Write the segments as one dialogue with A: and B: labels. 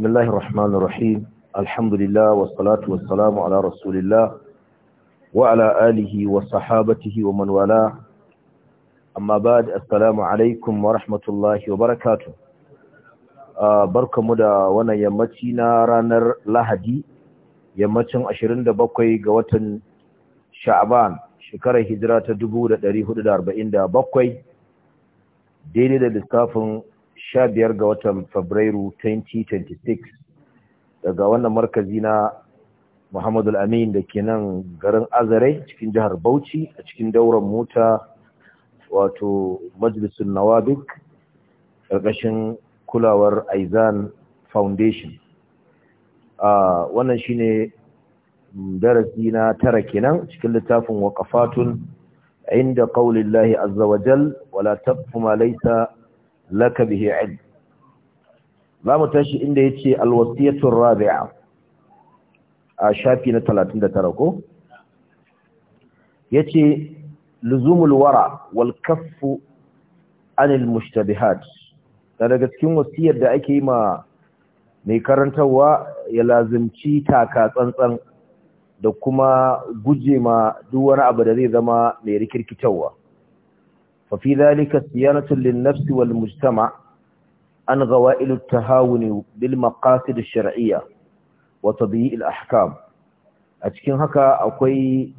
A: بسم الله الرحمن الرحيم الحمد لله والصلاة والسلام على رسول الله وعلى آله وصحابته ومن والاه أما بعد السلام عليكم ورحمة الله وبركاته barka mu da wannan yammaci na ranar lahadi yammacin 27 ga watan sha'aban shekarar hijira ta 1447 daidai da lissafin 15 ga watan Fabrairu 2026 daga wannan markazi na Muhammadu Amin da ke nan garin Azare cikin jihar Bauchi a cikin dauran mota wato Majalisun Nawabik ƙarƙashin kulawar Aizan Foundation. Wannan shi ne darasi na tara kenan cikin littafin waƙafatun inda ƙaunin Lahi Azza wa Jal, wala taɓa ma laisa laka bihi ilm za mu tashi inda yace ce alwasiyatul rabi'a a shafi na 39 ko ya ce luzumul wara wal kaffu anil mushtabihat daga cikin wasiyar da ake yi ma mai karantarwa ya lazimci taka tsantsan da kuma guje ma duk wani abu da zai zama mai rikirkitarwa ففي ذلك صيانة للنفس والمجتمع عن غوائل التهاون بالمقاصد الشرعية وتضييء الأحكام أتكين هكا أكوي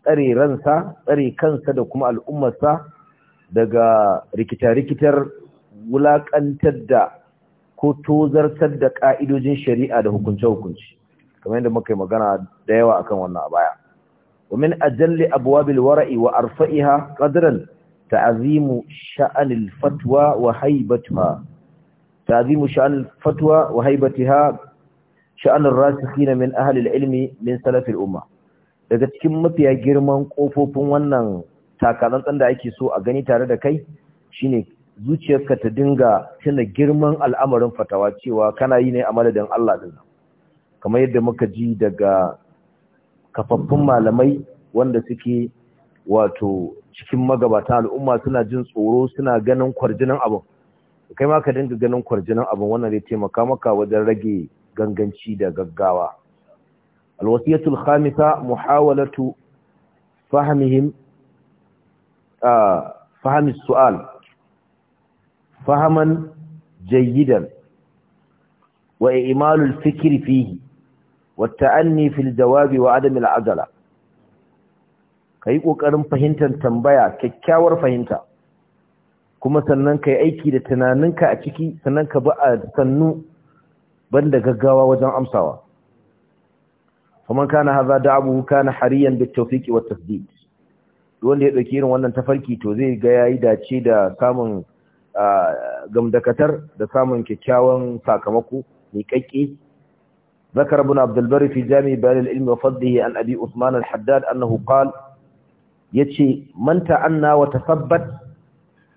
A: tsare ransa tsare kansa da kuma al'ummarsa daga rikita-rikitar wulaƙantar da ko tozartar da ƙa'idojin shari'a da hukunce-hukunci kamar yadda muka yi magana da yawa akan wannan a baya ومن أجل أبواب الورع وأرفئها قدرا ta'azimu sha'anil الفتوى وهيبتها تعظيم ta'azimu الفتوى fatwa شأن الراسخين من أهل min من سلف الأمة umma daga cikin mafiya girman kofofin wannan takalantsan da ake so a gani tare da kai shine zuciyarka ta dinga tuna girman al'amarin fatawa cewa kana yi ne a madadin Allah din kamar yadda muka ji daga kafaffun malamai wanda suke wato cikin magabata al'umma suna jin tsoro suna ganin kwarjinan abu kai ma ka dinga ganin kwarjinan abu wannan zai taimaka maka wajen rage ganganci da gaggawa alwasiyatul khamisa muhawalatu fahmihim fahmi su'al fahaman jayyidan wa imalul fikri fihi والتأني في الجواب وعدم العجلة ka yi ƙoƙarin fahimtar tambaya kyakkyawar fahimta kuma sannan ka yi aiki da tunaninka a ciki sannan ka ba a sannu banda gaggawa wajen amsawa kuma kana haza da abu kana hariyan da wata wa don wanda ya ɗauki irin wannan tafarki to zai ga yi dace da samun gamdakatar da samun kyakkyawan sakamako mai ƙaƙƙe ذكر ابن عبد البر في جامع بيان العلم وفضله عن أبي عثمان الحداد أنه قال yace man anna wa tasabbat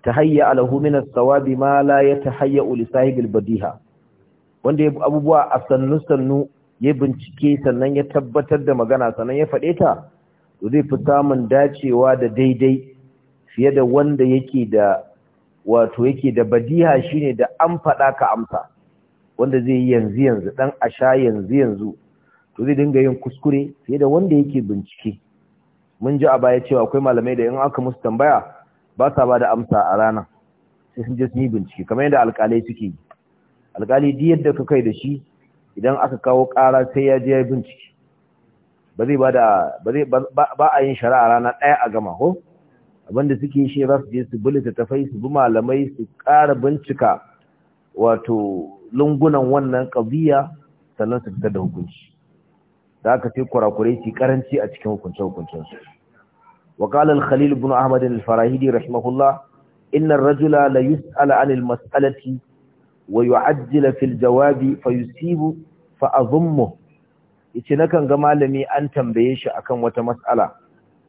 A: tahayya alahu min as-sawabi ma la yatahayya li sahibil badiha wanda abubuwa a sannu sannu ya bincike sannan ya tabbatar da magana sannan ya faɗe ta to zai fi samun dacewa da daidai fiye da wanda yake da wato yake da badiha shine da an faɗa ka amsa wanda zai yi yanzu yanzu dan asha yanzu yanzu to zai dinga yin kuskure fiye da wanda yake bincike mun ji a baya cewa akwai malamai da in aka musu tambaya ba sa ba da amsa a rana sai sun je sun yi bincike kamar yadda alƙalai suke yi alƙalai duk yadda ka kai da shi idan aka kawo ƙara sai ya je ya bincike ba zai ba da ba a yin shari'a rana ɗaya a gama ko abinda suke shi za su je su bi tafai su bi malamai su ƙara bincika wato lungunan wannan ƙabiya sannan su fitar da hukunci da aka sai kurakurai su karanci a cikin hukunce-hukuncensu وقال الخليل بن أحمد الفراهيدي رحمه الله إن الرجل لا يسأل عن المسألة ويعجل في الجواب فيسيب فأظمه yace nakan ga malami an tambaye shi akan wata mas'ala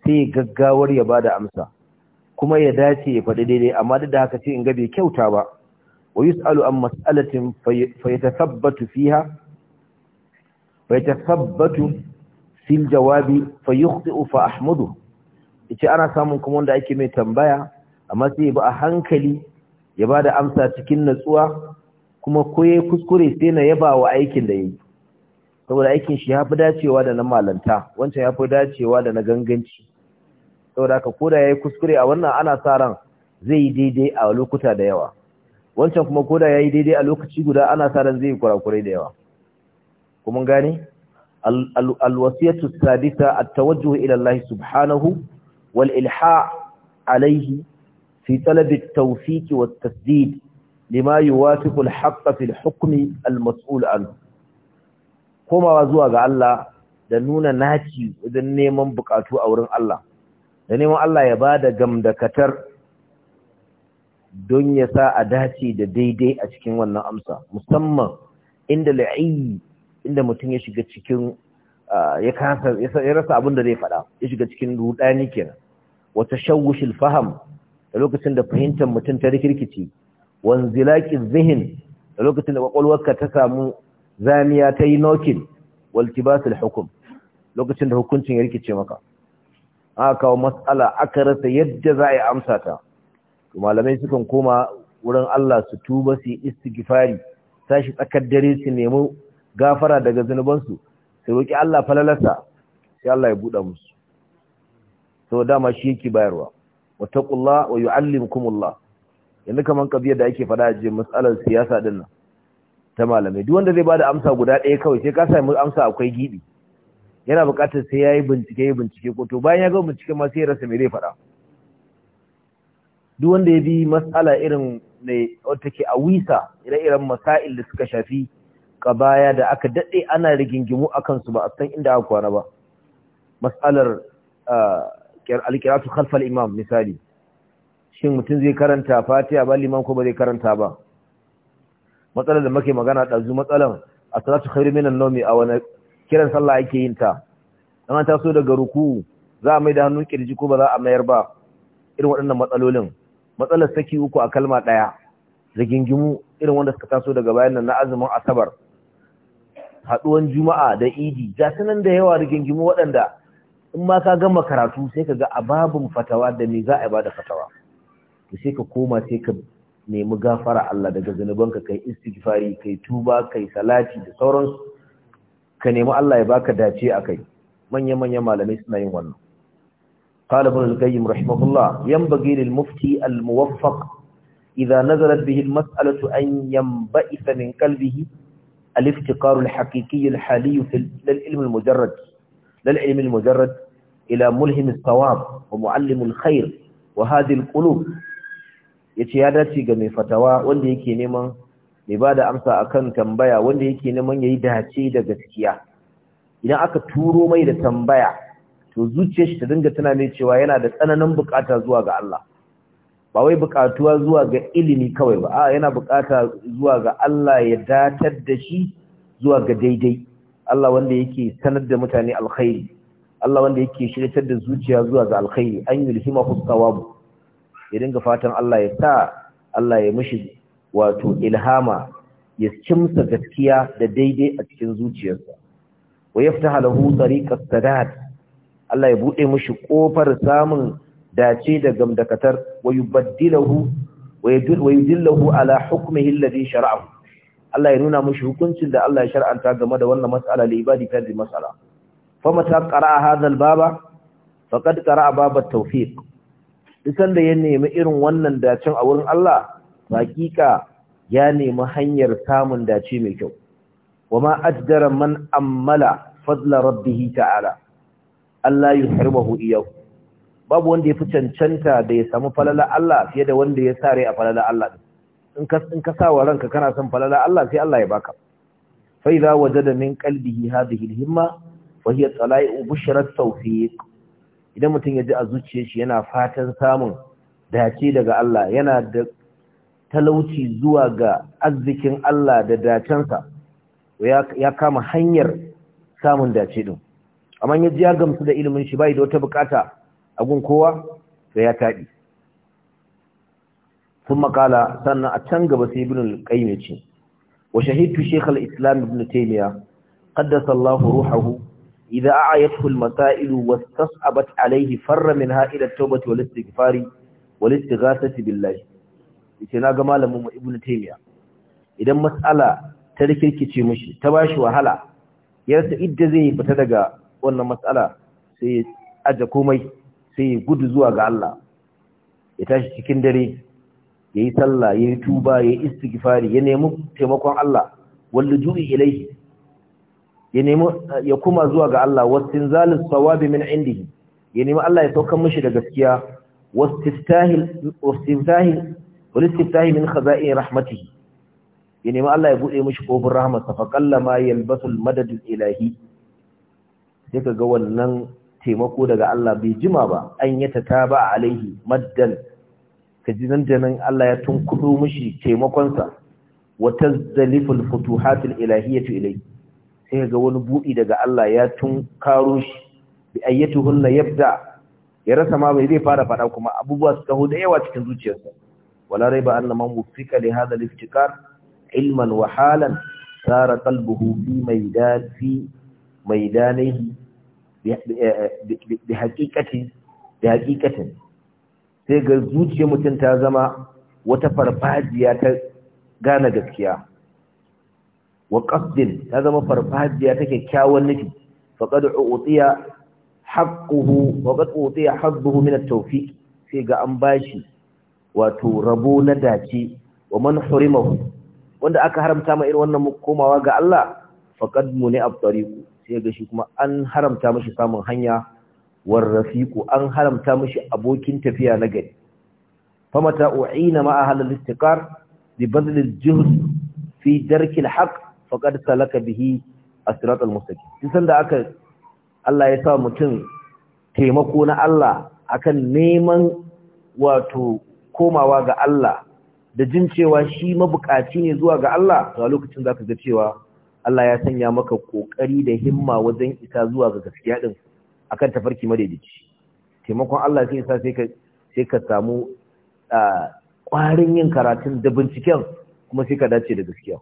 A: sai gaggawar ya bada amsa kuma ya dace ya faɗi daidai amma duk da haka sai in ga bai kyauta ba wa yus'alu an mas'alatin fa yatathabbatu fiha fa yatathabbatu fil jawabi fa yukhti'u fa ita ana samun kuma wanda ake mai tambaya amma sai ba a hankali ya ba da amsa cikin natsuwa kuma koye kuskure sai na yaba wa aikin da yayi saboda aikin shi ya fi dacewa da na malanta wancan ya fi dacewa da na ganganci saboda haka koda yayi kuskure a wannan ana sa ran zai yi daidai a lokuta da yawa wancan kuma koda yayi daidai a lokaci guda ana sa ran zai yi kurakurai da yawa kuma gane الوصية at tawajjuhu ila Allah subhanahu. wal ilha alaihi fi talabi at-tawfiq wa tasdid lima yuwafiqu al-haqq fi al komawa zuwa ga Allah da nuna naci wajen neman bukatu a wurin Allah da neman Allah ya bada gamdakatar don ya sa a dace da daidai a cikin wannan amsa musamman inda la'ayi, inda mutum ya shiga cikin ya kasa ya rasa abin da zai faɗa ya shiga cikin rudani kenan wata shawushil faham da lokacin da fahimtar mutum ta rikirkici wanzilaƙin zihin da lokacin da ƙwaƙwalwarka ta samu zamiya ta yi nokin waltibasul hukum lokacin da hukuncin ya rikice maka a kawo matsala aka rasa yadda za a yi amsa ta malamai sukan koma wurin Allah su tuba su yi istighfari tashi tsakar dare su nemi gafara daga zunubansu sai roƙi Allah falalasa sai Allah ya buɗe musu so dama shi yake bayarwa wa taqullah wa yu'allimkumullah yanzu kaman kabiya da ake fada je matsalar siyasa din nan ta malamai duk wanda zai bada amsa guda ɗaya kawai sai ka sami amsa akwai gibi yana buƙatar sai yayi bincike yayi bincike ko to bayan ya ga bincike ma sai ya rasa me zai fada duk wanda ya bi matsala irin ne wata ke a wisa ire-iren masail da suka shafi kabaya da aka daɗe ana rigingimu akansu su ba a san inda aka kwana ba matsalar ah, alƙiratu khalfal imam misali shin mutum zai karanta fatiha ba liman ko ba zai karanta ba matsalar da muke magana dazu matsalar a salatu khairu minan nawmi a wani kiran sallah yake yin ta an ta so daga ruku za a mai da hannun kirji ko ba za a mayar ba irin waɗannan matsalolin matsalar saki uku a kalma ɗaya rigingimu irin wanda suka taso daga bayan nan na azumin asabar Haɗuwar juma'a da idi ga sanan da yawa rigingimu waɗanda in ma ka gama karatu sai ka ga ababun fatawa da me za a da fatawa to sai ka koma sai ka nemi gafara Allah daga zanubanka kai istighfari kai tuba kai salati da sauran ka nemi Allah ya baka dace akai manya manya malamai suna yin wannan قال ابن القيم رحمه الله ينبغي للمفتي الموفق إذا نزلت به المسألة أن ينبئث من قلبه الافتقار الحقيقي الحالي في للعلم المجرد للعلم المجرد ila mulhim thawab wa muallimul khair Wahadil hadhihi yace ya dace ga mai fatawa wanda yake neman mai da amsa akan tambaya wanda yake neman yayi dace da gaskiya idan aka turo mai da tambaya to zuciyar shi ta dinga tana mai cewa yana da tsananin bukata zuwa ga Allah ba wai bukatuwa zuwa ga ilimi kawai ba Aa yana bukata zuwa ga Allah ya datar da shi zuwa ga daidai Allah wanda yake sanar da mutane alkhairi Allah wanda yake shiryatar da zuciya zuwa ga alkhairi an ku thawabu ya dinga fatan Allah ya sa Allah ya mishi wato ilhama ya cimsa gaskiya da daidai a cikin zuciyarsa wa yaftaha lahu tariqas sadat Allah ya bude mishi kofar samun dace da gamdakatar wa yubaddilahu wa yudillahu ala hukmihi alladhi shar'ahu Allah ya nuna mishi hukuncin da Allah ya shar'anta game da wannan mas'ala li ibadi kadri mas'ala famata qara'a hadal baba faqad qara'a baba tawfiq dukan da ya nemi irin wannan dacin a wurin Allah hakika ya nemi hanyar samun dace mai kyau wama ajjara man ammala fadla rabbih ta'ala Allah yuhribahu iyahu babu wanda ya fi cancanta da ya samu falala Allah fiye da wanda ya sare a falala Allah in ka in ka sa wa ranka kana son falala Allah sai Allah ya baka fa idza wajada min qalbihi hadhihi al-himma wahiyar tsala'i bushirar taufiq idan mutum ya ji a zuciyar shi yana fatan samun dace daga Allah yana da talauci zuwa ga arzikin Allah da dacensa ya kama hanyar samun dace din amma ya ji ya gamsu da ilimin shi bai da wata bukata a gun kowa to ya taɗi sun makala sannan a can gaba sai ibn al-qayyim ce wa shahidu shaykh islam ibn taymiya qaddasa Allah ruhahu إذا أعيته المسائل واستصعبت عليه فر منها إلى التوبة والاستغفار والاستغاثة بالله يتنا جمال مم ابن تيمية إذا مسألة تركي كتي مشي تباش وهلا يرسى إدى زي بتدقى وأن مسألة سي أجا كومي سي قد زواغ الله يتاشي سكندري يي صلى يي توبة يي استغفار ينمو تيمكو الله واللجوء إليه ya nemi ya kuma zuwa ga Allah wastinzalus sawabi min indihi ya nemi Allah ya saukar mishi da gaskiya wastiftahil wastiftahil والاستفتاح من خزائن ya nemi Allah ya يبوده مش kofin rahmatsa fa kallama yalbasul madad ilahi sai kaga wannan taimako daga Allah bai jima ba an ya tataba alaihi maddan kaji nan da nan Allah ya tunkudo mishi taimakon sa wa tazzaliful futuhatul ilahiyatu ilayhi sai ga wani buɗi daga Allah ya tun karo shi bi yabda ya rasa ma bai zai fara fada kuma abubuwa su taho da yawa cikin zuciyarsa wala raiba anna man wufika li hadha al-iftikar ilman wa halan sara qalbuhu fi maidan fi maidanihi bi haqiqati
B: bi haqiqatin
A: sai ga zuciyar mutum ta zama wata farfajiya ta gane gaskiya wa qasdin ta zama farfajiya ta kyakkyawan nufi faqad uutiya haqquhu wa qad uutiya min at-tawfiq sai ga an bashi wato rabo na dace wa man hurimahu wanda aka haramta ma irin wannan komawa ga Allah faqad muni abtariqu sai ga shi kuma an haramta mishi samun hanya war rafiqu an haramta mishi abokin tafiya na gari famata u'ina ma ahal al-istiqar bi badl al-juhd fi darki al haqq faqad salaka bihi as-siratal mustaqim duk sanda aka Allah ya sa mutum taimako na Allah akan neman wato komawa ga Allah da jin cewa shi mabukaci ne zuwa ga Allah to a lokacin zaka ga cewa Allah ya sanya maka kokari da himma wajen isa zuwa ga gaskiya din akan tafarki madaidaici taimakon Allah sai sa sai ka sai ka samu ah, ƙwarin yin karatun da binciken kuma sai ka dace da gaskiya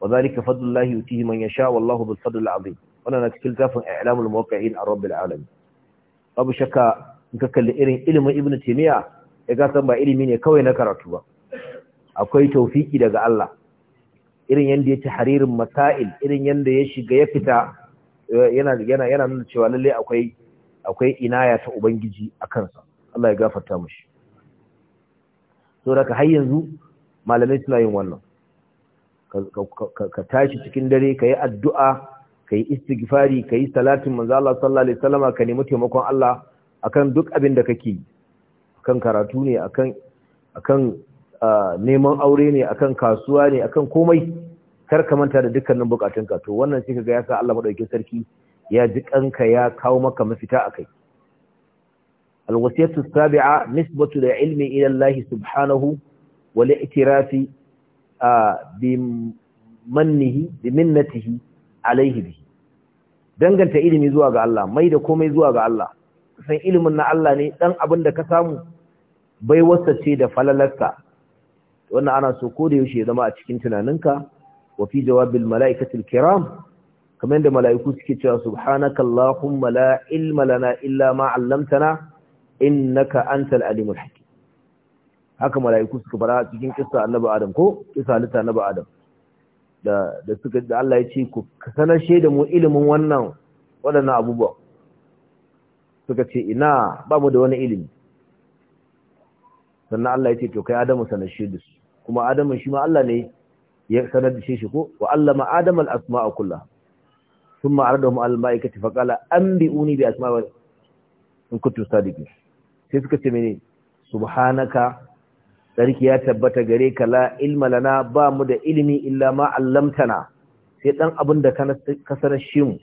A: wa zalika fadlullahi yutihi man yasha wallahu bil fadl azim wannan na cikin kafin i'lamul muwaqqi'in an rabbil alamin babu shakka in ka kalli irin ilimin ibn taymiya ya ga ba ilimi ne kawai na karatu ba akwai taufiki daga Allah irin yanda ya haririn masail irin yanda ya shiga ya fita yana yana yana cewa lalle akwai inaya ta ubangiji a kansa Allah ya gafarta mishi saboda har yanzu malamai suna yin wannan ka tashi cikin dare ka yi addu'a ka yi istighfari ka yi salatin manzo Allah sallallahu alaihi wasallama ka nemi taimakon Allah akan duk abin da kake akan karatu ne akan akan neman aure ne akan kasuwa ne akan komai kar ka manta da dukkanin ka to wannan sai kaga ya sa Allah madauki sarki ya ji kanka ya kawo maka mafita a akai الوصية da نسبة ila إلى subhanahu سبحانه itirafi. bi mannihi bi alaihi bihi danganta ilimi zuwa ga Allah mai da komai zuwa ga Allah san ilimin na Allah ne dan abin da ka samu bai wasace da falalarka wannan ana so ko da yaushe ya zama a cikin tunaninka wa fi jawabil malaikatil kiram kamar da mala'iku suke cewa subhanaka allahumma la ilma lana illa ma 'allamtana innaka antal alimul hakim haka mala'iku suka fara cikin kissa annabi adam ko kissa halitta annabi adam da da suka da Allah ya ce ku sanar da mu ilimin wannan waɗannan abubuwa suka ce ina ba mu da wani ilimi sannan Allah ya ce to kai Adamu sanar da su kuma Adamu shi ma Allah ne ya sanar da shi ko wa allama Adam al-asma'a kullaha thumma aradahum al-mala'ikati fa qala anbi'uni bi asma'i in kuntum sadiqin sai suka ce mene subhanaka sarki ya tabbata gare ka la ilma lana ba mu da ilimi illa ma allamtana sai dan abin da ka sanar shi mu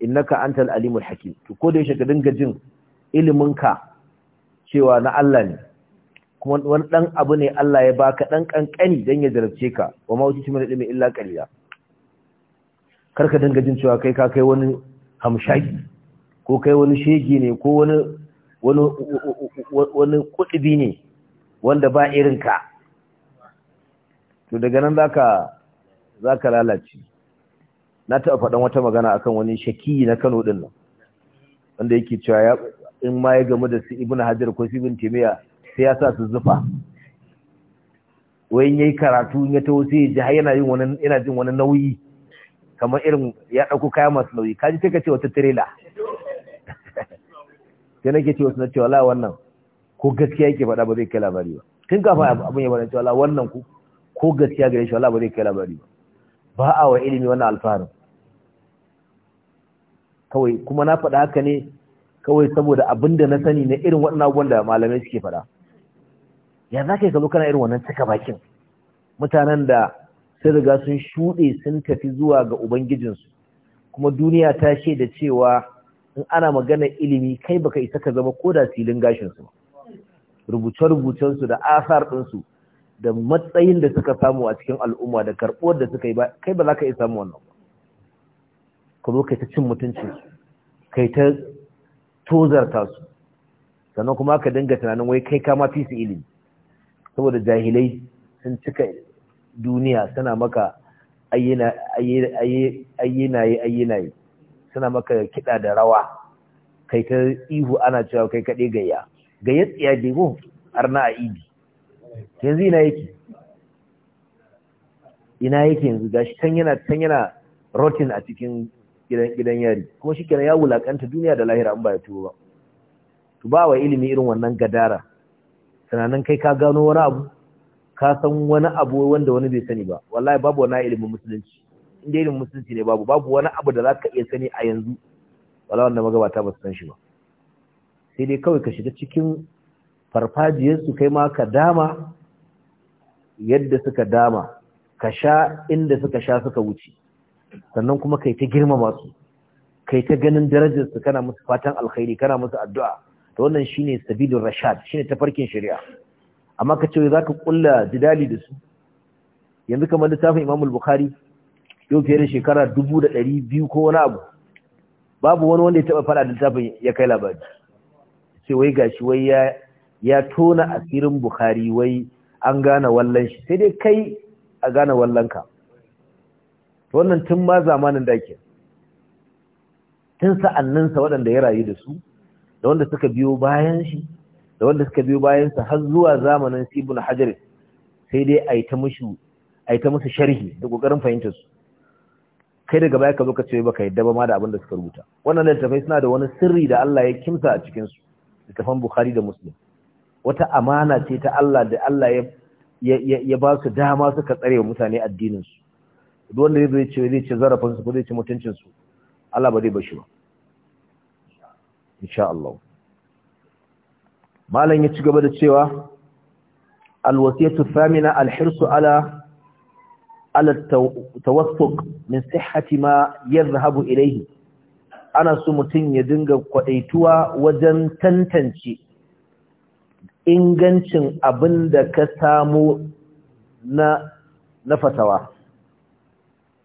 A: innaka antal alimul hakim to ko da yake ka dinga jin ilimin ka cewa na Allah ne kuma wani dan abu ne Allah ya baka dan kankani dan ya jarabce ka wa ma wuce min ilmi illa qalila karka dinga jin cewa kai ka kai wani hamshaki ko kai wani shege ne ko wani wani wani kudubi ne wanda ba irin ka to daga nan zaka zaka lalace na taɓa faɗan wata magana akan wani shaki na Kano din nan wanda yake cewa ya in ma ya gamu da su Ibn Hajar ko Ibn Taymiyyah sai ya sa su zufa wai yayi karatu ya taho sai ji har yana yin wani yana jin wani nauyi kamar irin ya ɗauko kaya masu nauyi kaji take ka ce wata tirela sai nake ce wasu na cewa wala wannan ko gaskiya yake faɗa ba zai kai labari ba tun kafa abin ya faɗa cewa Allah wannan ku ko gaskiya gare shi Allah ba zai kai labari ba ba a wa ilimi wannan alfaharin kawai kuma na faɗa haka ne kawai saboda abin da na sani na irin waɗannan abubuwan da malamai suke faɗa ya za ka yi kana irin wannan cika bakin mutanen da sai riga sun shuɗe sun tafi zuwa ga ubangijinsu kuma duniya ta shaida cewa in ana magana ilimi kai baka isa ka zama ko da silin gashinsu ba rubuce-rubucensu da asar ɗinsu da matsayin da suka samu a cikin al'umma da karɓuwar da suka yi ba kai ba za ka iya samu wannan ba ka zo kai ta cin mutuncinsu kai ta tozarta su sannan kuma ka dinga tunanin wai kai kama fi su ilimi saboda jahilai sun cika duniya suna maka ayyanaye ayyanaye suna maka kiɗa da rawa kai ta ihu ana cewa kai kaɗe gayya ga ya tsiya gego arna a Ibi. yanzu ina yake ina yake yanzu gashi can yana can yana rotin a cikin gidan gidan yari kuma shi ya wulakanta duniya da lahira an ba ya tuwo ba to ba wa ilimi irin wannan gadara sananan kai ka gano wani abu ka san wani abu wanda wani bai sani ba wallahi babu wani ilimin musulunci inda ilimin musulunci ne babu babu wani abu da zaka iya sani a yanzu wallahi wanda magabata ba su san shi ba sai dai kawai ka shiga cikin farfajiyarsu kai ma ka dama yadda suka dama ka sha inda suka sha suka wuce sannan kuma kai ta girmama su kai ta ganin darajarsu kana musu fatan alkhairi kana musu addu'a to wannan shine sabilur rashad shine farkin shari'a amma ka ce zaka kulla jidali da su yanzu kamar littafin Imam al-Bukhari yau fiye da shekara 1200 ko wani abu babu wani wanda ya taba fara littafin ya kai labari sai wai gashi wai ya ya tona asirin bukhari wai an gane wallan shi sai dai kai a gane wallan To wannan tun ma zamanin da tun sa'anninsa waɗanda ya rayu da su da wanda suka biyo bayan shi da wanda suka biyo sa har zuwa zamanin sibul hajar sai dai a yi ta musu sharhi da ƙoƙarin fahimtar su kai daga baya ka zo ka ce baka yadda ba ma da abin da suka rubuta wannan littafai suna da wani sirri da Allah ya kimsa a cikin su littafan bukhari da muslim wata amana ce ta Allah da Allah ya ba su dama suka tsare wa mutane addininsu duk wanda zai ce zai ce zarafinsu ko zai ce mutuncinsu Allah ba zai bashi ba insha Allah malam ya ci gaba da cewa alwasiyatu famina alhirsu ala ala tawassuq min sihhati ma yadhhabu ilayhi ana so mutum ya dinga kwadaituwa wajen tantance ingancin abin da ka samu na na fatawa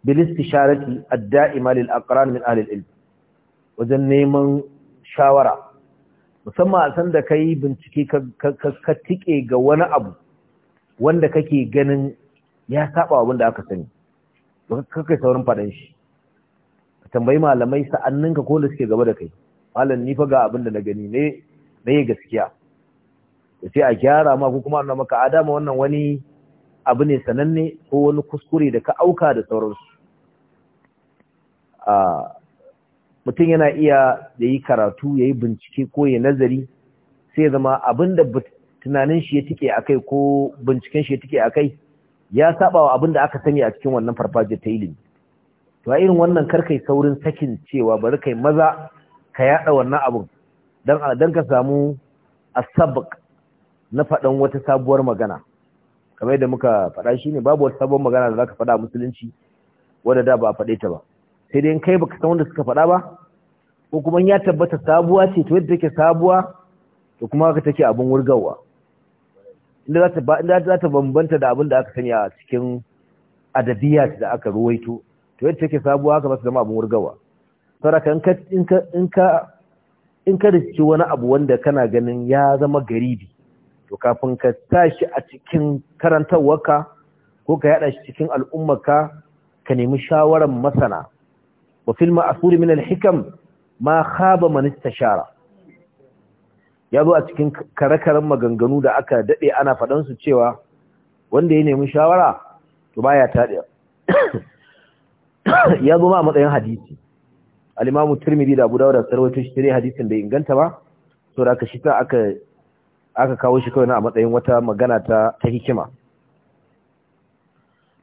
A: bil istisharati ad-da'ima lil aqran min ahli al-ilm wajen neman shawara musamman a san da kai bincike ka tike ga wani abu wanda kake ganin ya saba abin da aka sani ba kai saurin faɗan shi tambayi malamai ka ko da suke gaba da kai malam ni fa ga abin da na gani ne yi gaskiya da sai a gyara ma ko kuma an maka adama wannan wani abu ne sananne ko wani kuskure da ka auka da sauransu a mutum yana iya da yi karatu ya yi bincike ko ya nazari sai zama abin da tunanin shi ya tike a kai ko binciken shi ya tike a kai ya saba wa abin da aka sani a cikin wannan farfajiyar ta ilimi to a irin wannan karkai saurin sakin cewa bari kai maza ka yada wannan abun dan dan ka samu asabq na fadan wata sabuwar magana kamar da muka faɗa ne. babu wata sabuwar magana da zaka fada musulunci wanda da ba a faɗe ta ba sai dai in kai baka san wanda suka faɗa ba ko kuma ya tabbata sabuwa ce to yadda take sabuwa to kuma haka take abin wurgawa inda za ta bambanta da abin da aka sani a cikin adabiyat da aka ruwaito to yake take sabuwa haka ba su zama abin wurgawa saraka in ka wani abu wanda kana ganin ya zama garibi to kafin ka tashi a cikin karantarwarka ko ka yada shi cikin al'ummarka ka nemi shawarar masana wa fil ma'suri min al-hikam ma khaba manista shara. ya zo a cikin kare-karen maganganu da aka daɗe ana faɗansu cewa wanda ya nemi shawara to ba ya taɗe ya zo a matsayin hadisi alimamu turmidi da abu dawo da sarwato shi tare hadisin da inganta ba so da aka shita aka kawo shi kawai na a matsayin wata magana ta hikima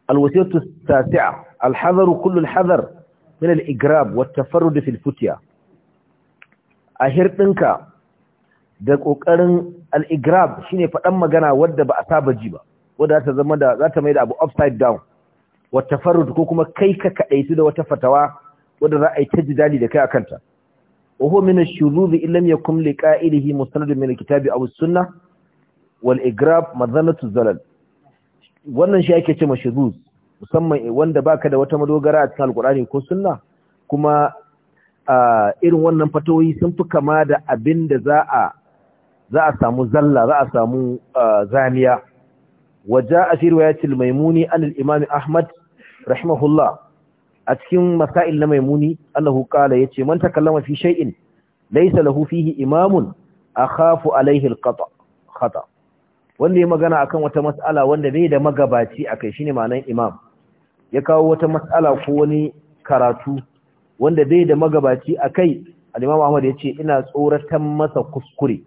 A: alwasiyatu tasi'a alhazaru kullu hazar min al-igrab wa tafarrud fi a hirdinka da kokarin al shine faɗan magana wadda ba a saba ji ba wadda za ta zama da za ta mai da abu upside down wata farud ko kuma kai ka kaɗaitu da wata fatawa wadda za a yi ta jidali da kai a kanta mina من الشذوذ ya لم يكن لقائله مستند من الكتاب Sunna, Wal والإقراب مظنة الزلل wannan shi ake cewa shuzuz musamman wanda baka da wata madogara a cikin alkurani ko sunna kuma irin wannan fatoyi sun fi kama da abin da za a za a samu zalla za a samu zaniya waja a fi maimuni an Imami ahmad rahimahullah a cikin masail na maimuni annahu qala yace man takallama fi shay'in laysa lahu fihi imamun akhafu alayhi alqata khata wanda ya magana akan wata mas'ala wanda bai da magabaci akai shine ma'anar imam ya kawo wata mas'ala ko wani karatu wanda bai da magabaci akai al-imam Ahmad yace ina tsoratan masa kuskure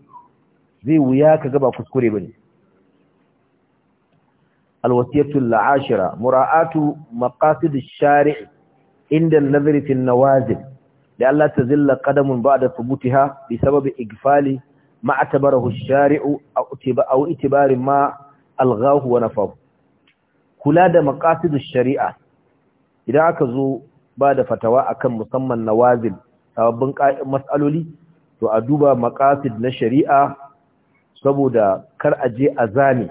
A: zai wuya kaga ba kuskure bane الوصية العاشرة مراعاة مقاصد الشارع عند النظر في النوازل لئلا تزل قدم بعد ثبوتها بسبب إقفال ما اعتبره الشارع أو اعتبار ما ألغاه ونفاه kula da maqasidus shari'a idan aka zo ba da fatawa akan musamman nawazil sababbin matsaloli, to a duba maqasid na shari'a saboda kar a je a zame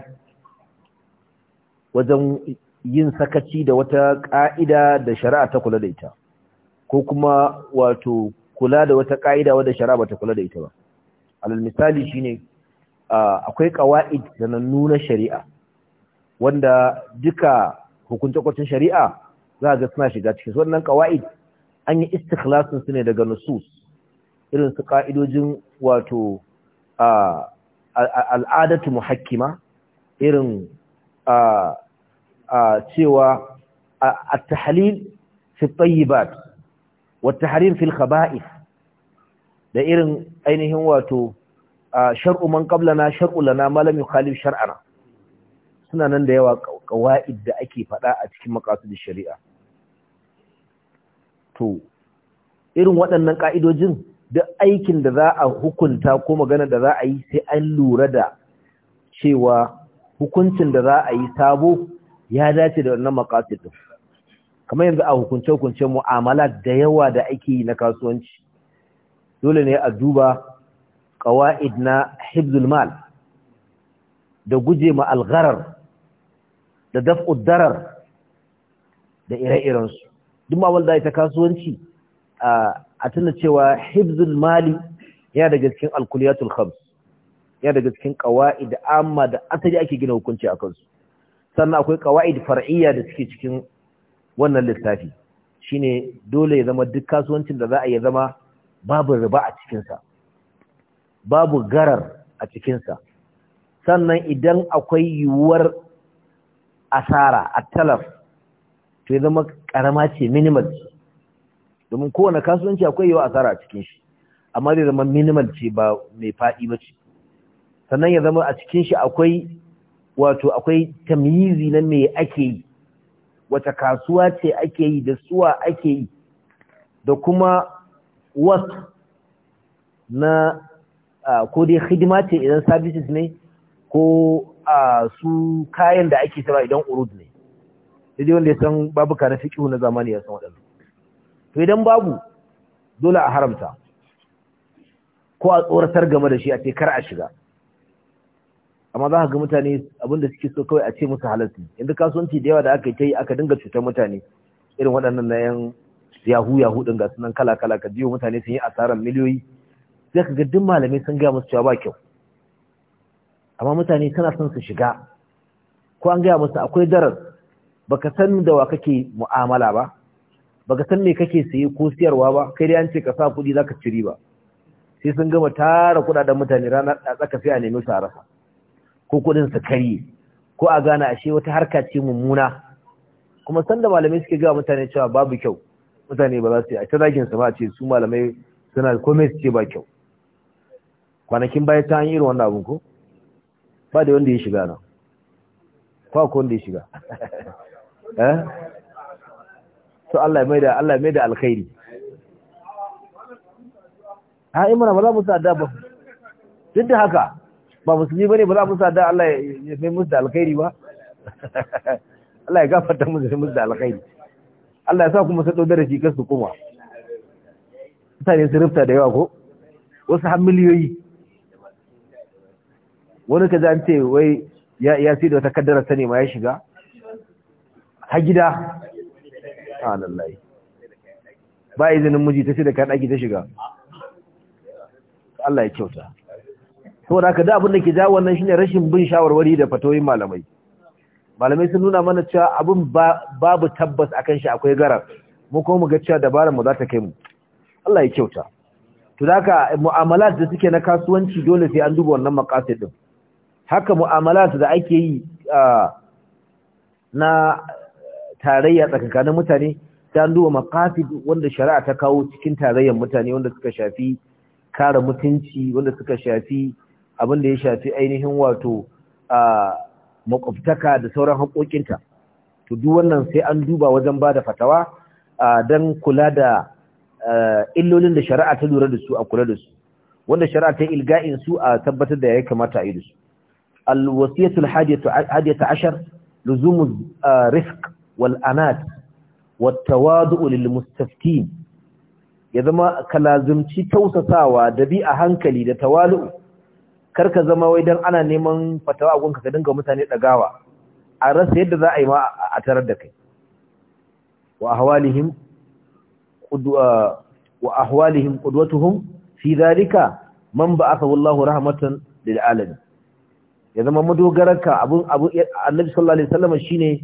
A: wajen yin sakaci da wata ƙa'ida da shari'a ta kula da ita ko kuma wato kula da wata ƙa'ida wadda shari'a ba ta kula da ita ba alal misali shine akwai ƙawa'id da na shari'a wanda duka hukunce kwatun shari'a za a ga suna shiga cikin wannan ƙawa'id an yi istikhlasin su ne daga nusus irin su ƙa'idojin wato al'adatu muhakkima irin cewa a tahalil fi tsayibat wa fi da irin ainihin wato shar'u man qablana shar'u lana ma lam yukhalif shar'ana suna nan da yawa qawaid da ake fada a cikin maqasid shari'a to irin waɗannan ka'idojin duk aikin da za a hukunta ko magana da za a yi sai an lura da cewa hukuncin da za a yi sabo ya dace da wannan maqasid kamar yanzu a hukunce hukunce mu'amala da yawa da ake yi na kasuwanci dole ne a duba ƙawa'id na hibzul da guje ma algharar da daf'u darar da ire-iren su duk ma yi ta kasuwanci a tana cewa hibzul mali yana daga cikin alkuliyatul khams ya daga cikin da amma da asali ake gina hukunci a kansu sannan akwai da fara'iya da suke cikin wannan lissafi shine dole ya zama duk kasuwancin da za a yi zama babu riba a cikinsa babu garar a cikinsa sannan idan akwai yiwuwar asara a talaf to ya zama karama ce minimal domin kowane kasuwanci akwai yiwuwar asara a cikin shi amma zai zama minimal ce ba mai faɗi ba ce sannan ya zama a cikin shi akwai wato akwai tamyizi na me ake yi wata kasuwa ce ake yi da suwa ake yi da kuma wasp na ko dai hidima ce idan services ne ko a su kayan da ake tara idan urud ne Sai dai wanda ya san babu na fiqhu na zamani ya san wadannan to idan babu dole a haramta ko a tsoratar game da shi a ce kar a shiga amma za ka ga mutane abinda suke so kawai a ce musu halarci yanzu kasuwanci da yawa da aka yi ta yi aka dinga cutar mutane irin waɗannan na yan yahu yahu ɗin ga sunan kala kala ka biyo mutane sun yi asarar miliyoyi sai ka ga duk malamai sun gaya musu cewa ba kyau amma mutane tana son su shiga ko an gaya musu akwai darar baka san da wa kake mu'amala ba baka san me kake saye ko siyarwa ba kai dai an ce ka sa kuɗi za ka ciri ba, sai sun gama tara kuɗaɗen mutane rana a tsaka sai a nemi su a rasa ko kudin su karye ko a gane ashe wata harka ce mummuna kuma sanda malamai suke ga mutane cewa babu kyau mutane ba za su yi a tsadagin su ba ce su malamai suna komai su ce ba kyau kwanakin baya ta hanyar wannan abin ko ba da wanda ya shiga nan kwa ko wanda ya shiga eh to Allah mai da Allah mai da alkhairi ha imana ba za mu sa da ba duk da haka ba musulmi bane ba za mu sada Allah ya sai musu da alkhairi ba Allah ya gafarta musu da musu da alkhairi Allah ya sa kuma su dodara shi kasu kuma mutane su rufta da yawa ko wasu har miliyoyi wani kaza an ce wai ya ya sai da wata kaddara sani ma ya shiga ha gida subhanallahi ba izinin miji ta sai da kan daki ta shiga Allah ya kyauta saboda haka da abin da ke ja wannan shine rashin bin shawarwari da fatoyin malamai malamai sun nuna mana cewa abin babu tabbas akan shi akwai gara mu kuma mu ga cewa dabarar mu za ta kai mu Allah ya kyauta to haka mu'amalat da suke na kasuwanci dole sai an duba wannan makasid din haka mu'amalat da ake yi na tarayya tsakanin mutane ta duba makasid wanda shari'a ta kawo cikin tarayyar mutane wanda suka shafi kare mutunci wanda suka shafi abin da ya shafi ainihin wato a makwabtaka da sauran haƙoƙinta to duk wannan sai an duba wajen ba da fatawa don kula da illolin da shari'a ta lura da su a kula da su wanda shari'a ta ilga'in su a tabbatar da ya kamata a yi da su alwasiyatul hadiyata ashar luzumu risk wal anat wat tawadu lil mustaftin ya zama kalazumci tausasawa da bi a hankali da tawalu kar ka zama wai dan ana neman fatawa a gunka ka dinga mutane dagawa a rasa yadda za a yi ma a tarar da kai wa ahwalihim ah, wa ahwalihim qudwatuhum fi zalika man aka Allahu rahmatan lil alamin ya zama madogararka abun abu annabi sallallahu alaihi wasallam shine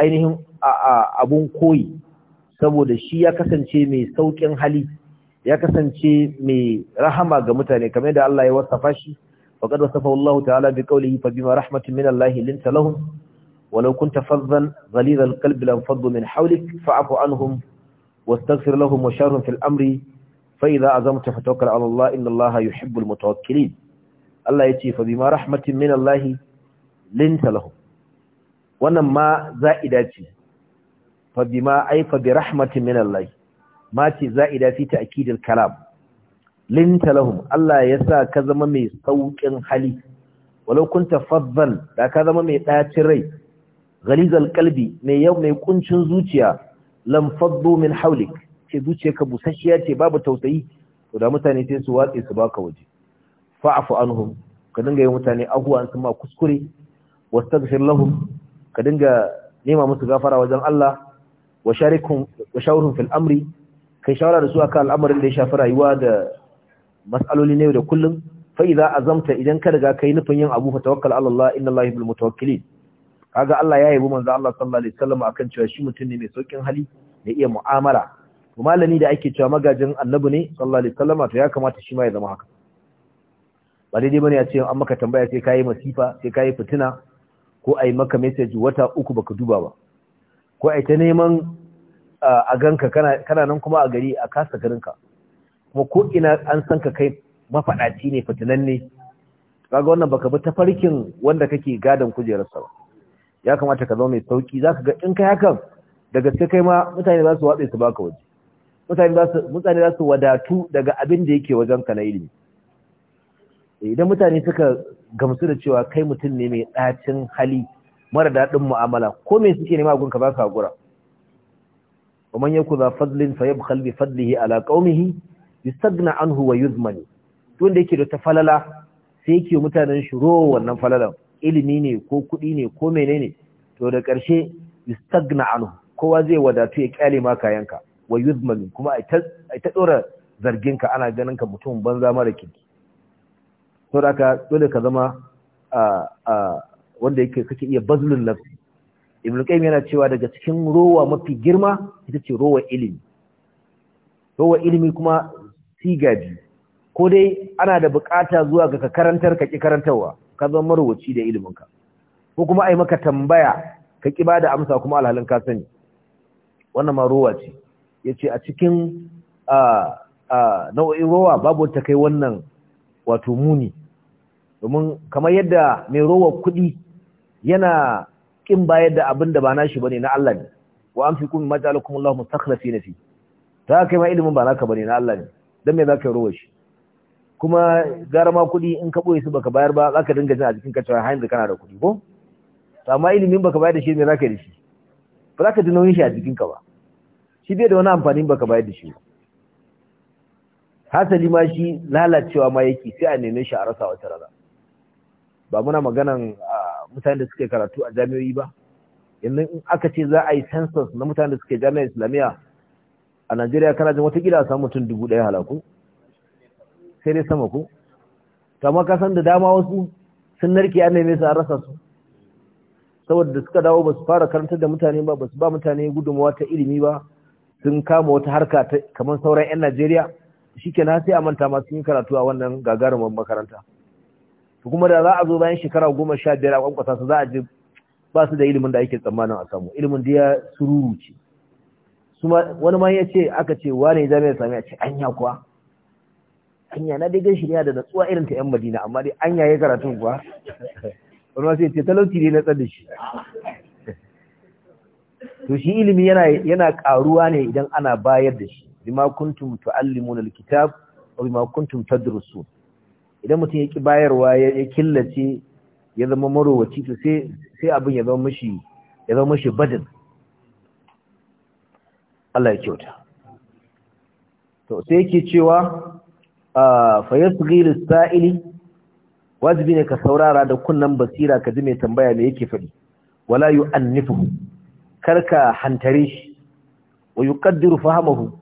A: ainihin abun koyi saboda shi ya kasance mai saukin hali ya kasance mai rahama ga mutane kamar da Allah ya wasafa shi وقد وصفه الله تعالى بقوله فبما رحمة من الله لنت لهم ولو كنت فظا غليظ القلب لانفضوا من حولك فاعف عنهم واستغفر لهم وشارهم في الأمر فإذا عزمت فتوكل على الله إن الله يحب المتوكلين الله يتي فبما رحمة من الله لنت لهم ونما زائداتي فبما أي فبرحمة من الله ما تي زائدة في تأكيد الكلام linta lahum Allah ya sa ka zama mai saukin hali walau kunta fazzan da ka zama mai ɗacin rai galizal kalbi mai yau mai kuncin zuciya lam faddu min haulik zuciya ka busashiya ce babu tausayi to da mutane sai su watse su baka waje fa'fu anhum ka dinga yi mutane ahuwa sun ma kuskure wastaghfir lahum ka dinga nema musu gafara wajen Allah wa sharikum wa shawruhum fil amri kai shawara da su akan al'amarin da ya shafi rayuwa da mas'aloli ne da kullum fa idza azamta idan ka riga kai nufin yin abu fa tawakkal ala Allah inna Allah bil mutawakkilin kaga Allah ya yabi manzo Allah sallallahu alaihi wasallam akan cewa shi mutum ne mai saukin hali da iya mu'amala malami da ake cewa magajin annabi ne sallallahu alaihi wasallam to ya kamata shi ma ya zama haka ba dai bane ya ce an maka tambaya sai kai masifa sai kai fitina ko ai maka message wata uku baka duba ba ko ai ta neman a ganka kana kana nan kuma a gari a kasa garinka kuma ko ina an san ka kai mafaɗaci ne fitinanne kaga wannan baka bi tafarkin wanda kake gadon kujerarsa ba ya kamata ka zama mai sauki zaka ga in kai hakan da sai kai ma mutane za su watsa su baka waje mutane za su mutane za su wadatu daga abin da yake wajen ka na ilimi eh, idan mutane suka gamsu da cewa kai mutum ne mai ɗacin hali mara daɗin mu'amala ko me suke nema gunka ba su hakura ومن man فضل فيبخل بفضله على قومه yustagna anhu wa yuzmani wanda yake da ta falala sai yake mutanen shi rowa wannan falalan ilimi ne ko kuɗi ne ko menene to da ƙarshe yustagna anhu kowa zai wadatu ya kyale ma kayanka wa yuzmani kuma ai ta dora zargin ka ana ganin ka mutum banza mara kiki to da ka dole ka zama a a wanda yake kake iya bazlun nafsi ibn qayyim yana cewa daga cikin rowa mafi girma ita ce rowa ilimi rowa ilimi kuma siga biyu ko dai ana da bukata zuwa ga karantar ka ki karantarwa ka zama marubuci da ilimin ka ko kuma ai maka tambaya ka ki bada amsa kuma alhalin ka sani wannan ma ruwa ce yace a cikin a a nau'in ruwa babu ta kai wannan wato muni domin kamar yadda mai rowa kuɗi yana kin bayar da abin da ba nashi bane na Allah ne wa anfiqu mimma Allahu mustakhlifina fi ta kai ma ilimin ba naka bane na Allah ne don me zaka ruwa shi kuma gara ma kuɗi in ka ɓoye su baka bayar ba za ka dinga jin a jikin kacewa har yanzu kana da kuɗi ko amma ilimin baka bayar da shi me zaka yi da shi ba za ka ji nauyin shi a jikinka ba shi bai da wani amfani baka bayar da shi ba hasali ma shi lalacewa ma yake sai a neme shi a rasa wata rana ba muna maganan mutane da suke karatu a jami'o'i ba yanzu in aka ce za a yi census na mutane da suke jami'ar islamiyya a najeriya kana jin watakila a samun mutum dubu ɗaya halaku sai dai sama ko kama kasan da dama wasu sun narke an neme su an rasa su saboda da suka dawo ba su fara karantar da mutane ba ba su ba mutane gudunmawa ta ilimi ba sun kama wata harka ta kamar sauran 'yan najeriya shi na sai a manta ma sun yi karatu a wannan gagarumar makaranta kuma da za a zo bayan shekara goma sha biyar a kwankwasa su za a je ba su da ilimin da ake tsammanin a samu ilimin da ya sururu ce wani ma ya ce aka ce wane ya sami a ce anya kuwa anya na daga gan shi ne da natsuwa irin ta yan madina amma dai anya ya karatu kuwa wani ma sai ce talauci ne na tsada shi to shi ilimi yana yana karuwa ne idan ana bayar da shi bima kuntum tuallimuna alkitab wa bima kuntum tadrusun idan mutum ya ki bayarwa ya killace ya zama marowaci to sai sai abin ya zama mishi ya zama mishi badal Allah ya kyauta to sai yake cewa ah, fa yasghi as saili wajibi ne ka saurara da kunnan basira ka ji mai tambaya me yake faɗi wala yu'annifuhu karka hantare shi wa yuqaddiru fahmahu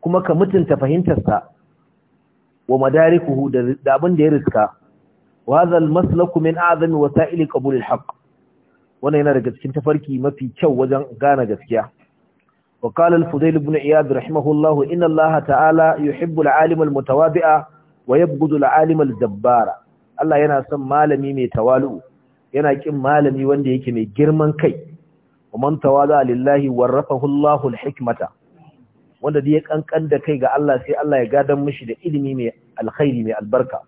A: kuma ka mutunta fahimtarsa wa madarikuhu da abin da ya riska wa hadha al-maslaku min a'zami wasa'ili qabul al-haqq wannan yana daga cikin tafarki mafi kyau wajen gane gaskiya وقال الفضيل بن عياد رحمه الله إن الله تعالى يحب العالم المتواضع ويبغض العالم الجبار الله yana son malami mai tawalu yana kin malami wanda yake mai girman kai man tawada lillahi warafahu Allahu alhikmata wanda da ya kankan da kai ga Allah sai Allah ya gadan mishi da ilimi mai alkhairi mai albarka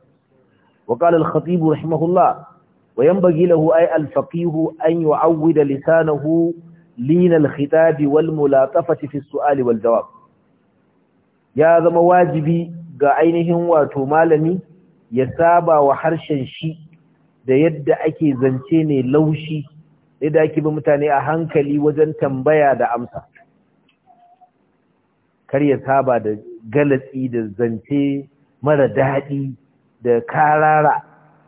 A: wa qala al-khatib rahimahullah wa yanbaghi lahu ay al-faqih an yu'awwida lisanahu لين الخطاب والملاطفة في السؤال والجواب يا zama واجبي ga ainihin wato malami ya saba wa harshen shi da yadda ake zance ne laushi idan ake bi mutane a hankali wajen tambaya da amsa kar ya saba da galatsi da zance mara daɗi da karara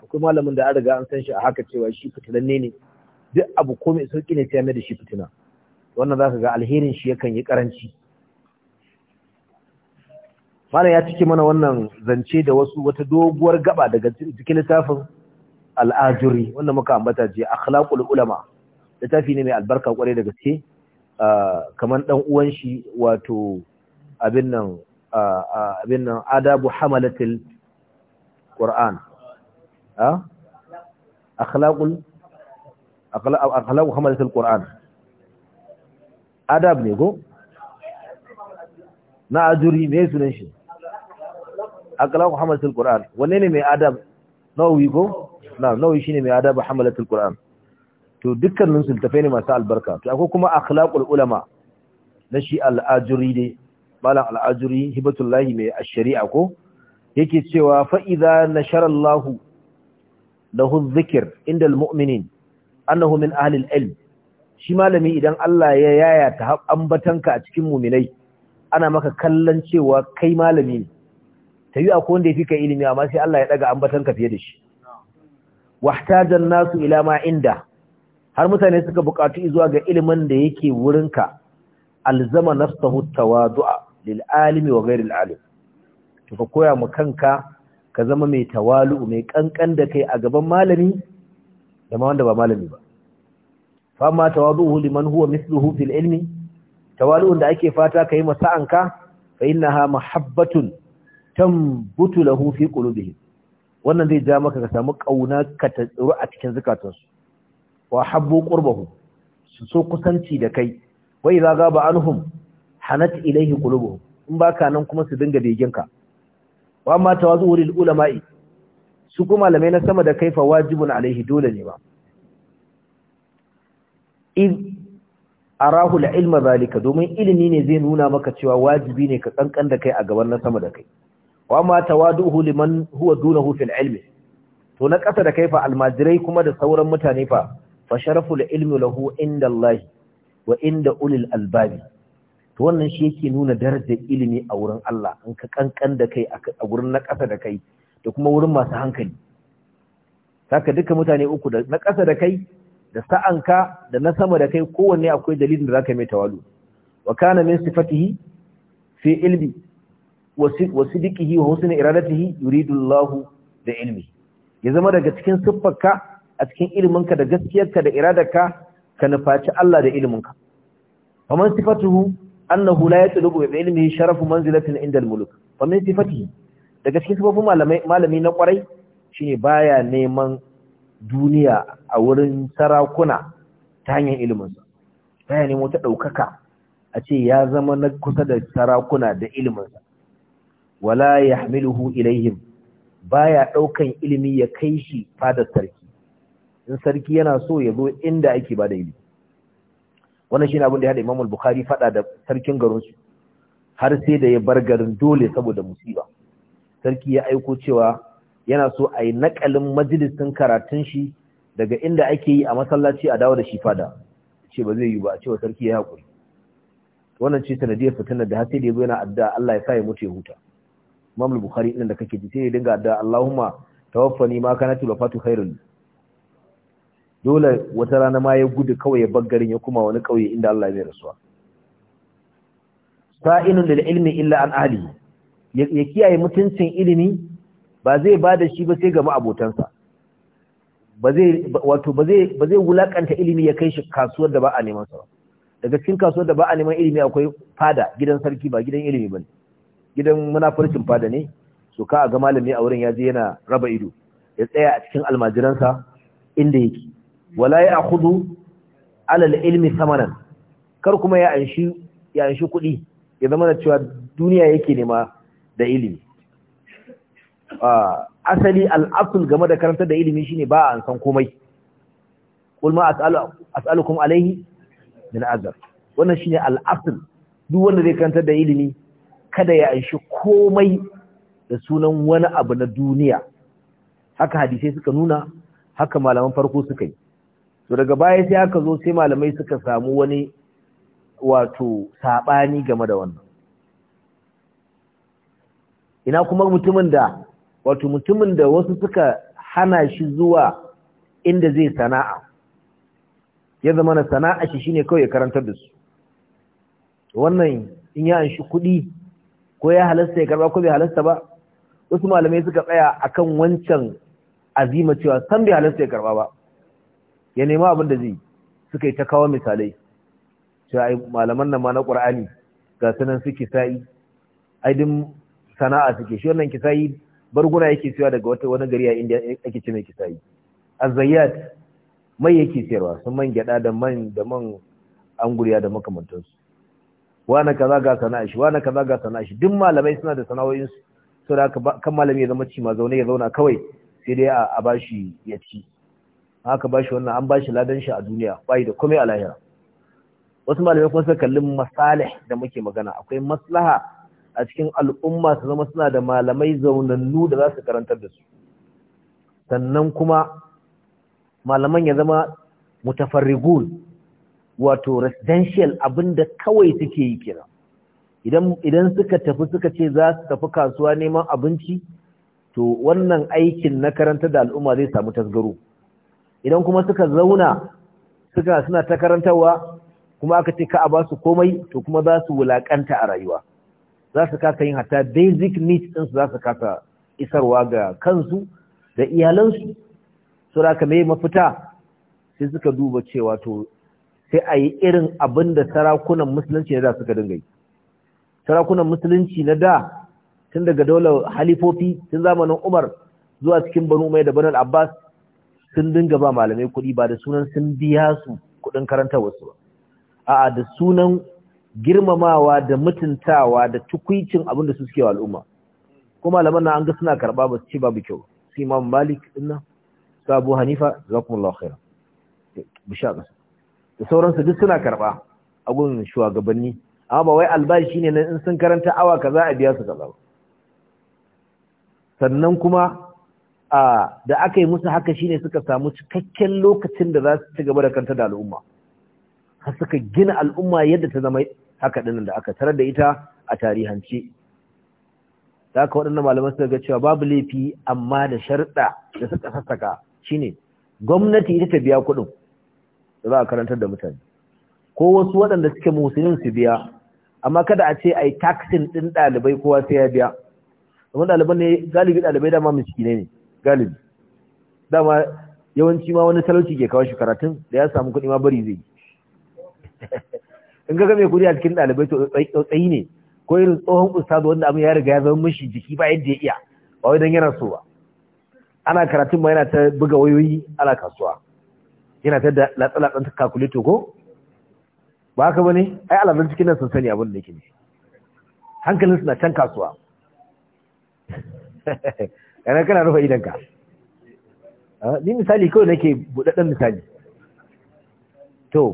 A: akwai malamin da an riga an san shi a haka cewa shi fitilanne ne duk abu komai sauki ne sai mai da shi fitina wannan za ka ga alherin shi yakan yi karanci malam ya cike mana wannan zance da wasu wata doguwar gaba daga cikin littafin al'ajuri Wannan muka ambata je akhlaqul ulama littafi ne mai albarka kwarai da gaske ah, kamar dan uwan shi wato abin nan ah, ah, adabu hamalatil qur'an akhlaqul hamalatil qur'an adab ne ko na ajuri me sunan shi akala hamalatul qur'an wanne ne mai adab nawawi ko na nawawi shine mai adab hamalatul qur'an to dukkanin su tafai ne masu albarka to akwai kuma akhlaqul ulama na shi al-ajuri dai malam al-ajuri hibatullahi mai ash-shari'a ko yake cewa fa idza nashara Allah lahu dhikr inda al-mu'minin annahu min ahli al-ilm shi malami idan Allah ya yaya ta ambatanka a cikin muminai ana maka kallon cewa kai malami ne ta yi akwai wanda ya fi kai ilimi amma sai Allah ya daga ambatanka fiye da shi wahtajan nasu ila ma inda har mutane suka bukatu zuwa ga ilimin da yake wurinka alzama nafsahu tawadu'a lil alimi wa ghairil alim to ka koya mu kanka ka zama mai tawalu mai kankan da kai a gaban malami da ma wanda ba malami ba fama tawaduhu liman huwa mithluhu fil ilmi tawadu'un da ake fata kai masa anka fa innaha mahabbatun tambutu lahu fi qulubihim wannan zai ja maka ka samu kauna ka tsuru a cikin zakatunsu wa habbu qurbahu su so kusanci da kai wa idza gaba anhum hanat ilayhi qulubuhum in baka nan kuma su dinga beginka wa amma tawadu lil ulama'i su kuma malamai na sama da kai fa wajibun alaihi dole ne ba iz arahu la ilma zalika domin ilimi ne zai nuna maka cewa wajibi ne ka kankan da kai a gaban na sama da kai wa ma tawaduhu liman huwa dunahu fil ilmi to na kasa da kai fa almajirai kuma da sauran mutane fa fa sharafu la ilmi lahu inda Allah wa inda ulil albabi to wannan shi yake nuna darajar ilimi a wurin Allah in ka kankan da kai a wurin na kasa da kai da kuma wurin masu hankali saka duka mutane uku da na kasa da kai da sa'anka da na sama da kai kowanne akwai dalilin da za yi mai tawalu wa kana min sifatihi fi ilmi wa sidqihi wa husni iradatihi yuridu Allahu da ilmi ya zama daga cikin siffarka a cikin ilminka da gaskiyarka da iradarka ka nufaci Allah da ilminka wa man sifatuhu annahu la yatlubu bi ilmihi sharafu manzilatin inda al-muluk wa min sifatihi daga cikin sifofin malami na kwarai shine baya neman duniya a wurin sarakuna ta hanyar iliminsa baya nemo ta ɗaukaka a ce ya zama na kusa da sarakuna da iliminsa wala ya hamiluhu ilaihim baya ɗaukan ilimi ya kai shi fadar sarki in sarki yana so ya zo inda ake ba da ilimi wannan shi ne abin da ya haɗa imamul bukhari faɗa da sarkin garinsu har sai da ya bar garin dole saboda musiba sarki ya aiko cewa yana so a yi nakalin majalisin karatun shi daga inda ake yi a masallaci a dawo da shi fada ce ba zai yi ba a cewa sarki ya haƙuri wannan ce sanadiyar fitinar da da ya zo yana addu'a Allah ya sa ya mutu ya huta Imam Bukhari din da kake ji sai ya dinga addu'a Allahumma tawaffani ma kanat wafatu khairun dole wata rana ma ya gudu kawai ya garin ya kuma wani kauye inda Allah ya rasuwa sa'inun lil ilmi illa an ahli ya kiyaye mutuncin ilimi ba zai ba da shi ba sai ga ma'abotansa ba zai wato wulakanta ilimi ya kai shi kasuwar da ba a neman sa daga cikin kasuwar da ba a neman ilimi akwai fada gidan sarki ba gidan ilimi ba gidan munafurcin fada ne so ka ga malami a wurin ya je yana raba ido ya tsaya a cikin almajiransa inda yake wala ya hudu ala sama samanan kar kuma ya ya anshi kuɗi ya zama da cewa duniya yake nema da ilimi Ah, asali al'asul game da karantar da ilimi shine ba a san komai kul ma as'alukum alaihi min azar wannan shine al'asul duk wanda zai karantar da ilimi kada ya anshi komai da sunan wani abu na duniya haka hadisai suka nuna haka malaman farko suka yi to daga baya sai aka zo sai malamai suka samu wani wato saɓani game da wannan ina kuma mutumin da wato mutumin da wasu suka hana shi zuwa inda zai sana'a ya zama na sana'a shi shine kawai ya karantar da su wannan in ya anshi kuɗi ko ya halasta ya karba ko bai halasta ba wasu malamai suka tsaya akan wancan azima cewa san bai halasta ya karba ba ya nema abin da zai suka yi ta kawo misalai cewa ai malaman nan ma na Qur'ani ga sanan suke sa'i ai din sana'a suke shi wannan kisayi barguna yake siya daga wata wani gari a Indiya ake ce mai A azayyat mai yake siyarwa sun man gyada da man da man anguriya da makamantansu wani kaza ga sana'a shi wani kaza ga sana'a shi duk malamai suna da sana'o'in su so da kan malami ya zama ci ma zaune ya zauna kawai sai dai a bashi ya ci haka bashi wannan an bashi ladan shi a duniya bai da komai a lahira wasu malamai kuma suka kalli masalih da muke magana akwai maslaha a cikin al'umma su zama suna da malamai zaunannu da za su karantar da su sannan kuma malaman ya zama mutafarrigun wato residential abinda kawai suke yi kira idan suka tafi suka ce za su tafi kasuwa neman abinci to wannan aikin na karanta da al'umma zai samu tasgaro idan kuma suka zauna suka suna ta karantarwa kuma aka ce ka a ba su komai to kuma za su wulakanta a rayuwa za su kasa yin hata basic needs ɗinsu za su kasa isarwa ga kansu da iyalansu su da mai mafita sai suka duba cewa to sai a yi irin abin da sarakunan musulunci na da suka dinga yi sarakunan musulunci na da tun daga daular halifofi tun zamanin umar zuwa cikin banu mai da banar abbas sun dinga ba malamai kuɗi ba da sunan sun biya su kuɗin karantar wasu ba a'a da sunan girmamawa da mutuntawa da tukwicin abin da su suke wa al'umma kuma malaman na an ga suna karba ba su ce babu kyau su imam malik inna su abu hanifa zakumullahu khaira bisha da sauransu duk suna karba a gurin shugabanni amma ba wai albashi ne na in sun karanta awa kaza a biya su kaza sannan kuma da aka yi musu haka shine suka samu cikakken lokacin da za su ci gaba da kanta da al'umma har suka gina al'umma yadda ta zama haka ɗin da aka tarar da ita a tarihance da aka waɗannan malaman suka ga cewa babu laifi amma da sharɗa da suka sassaka shine gwamnati ita ta biya kuɗin da za a karantar da mutane ko wasu waɗanda suke musulun su biya amma kada a ce a yi taxin ɗin ɗalibai kowa sai ya biya Amma ɗaliban ne galibi ɗalibai dama miskine ne galibi dama yawanci ma wani talauci ke kawo shi karatun da ya samu kuɗi ma bari zai in ga mai kuri a cikin ɗalibai to tsautsayi ne ko irin tsohon ustazu wanda abin ya riga ya zama mishi jiki ba yadda ya iya ba wai dan yana so ba ana karatun ma yana ta buga wayoyi ana kasuwa yana ta da latsalatsan ta calculator ko ba haka bane ai alamun cikin nan sun sani abin da yake ne hankalin su na can kasuwa kana kana rufe idanka ah, ni misali kawai nake budaddan misali to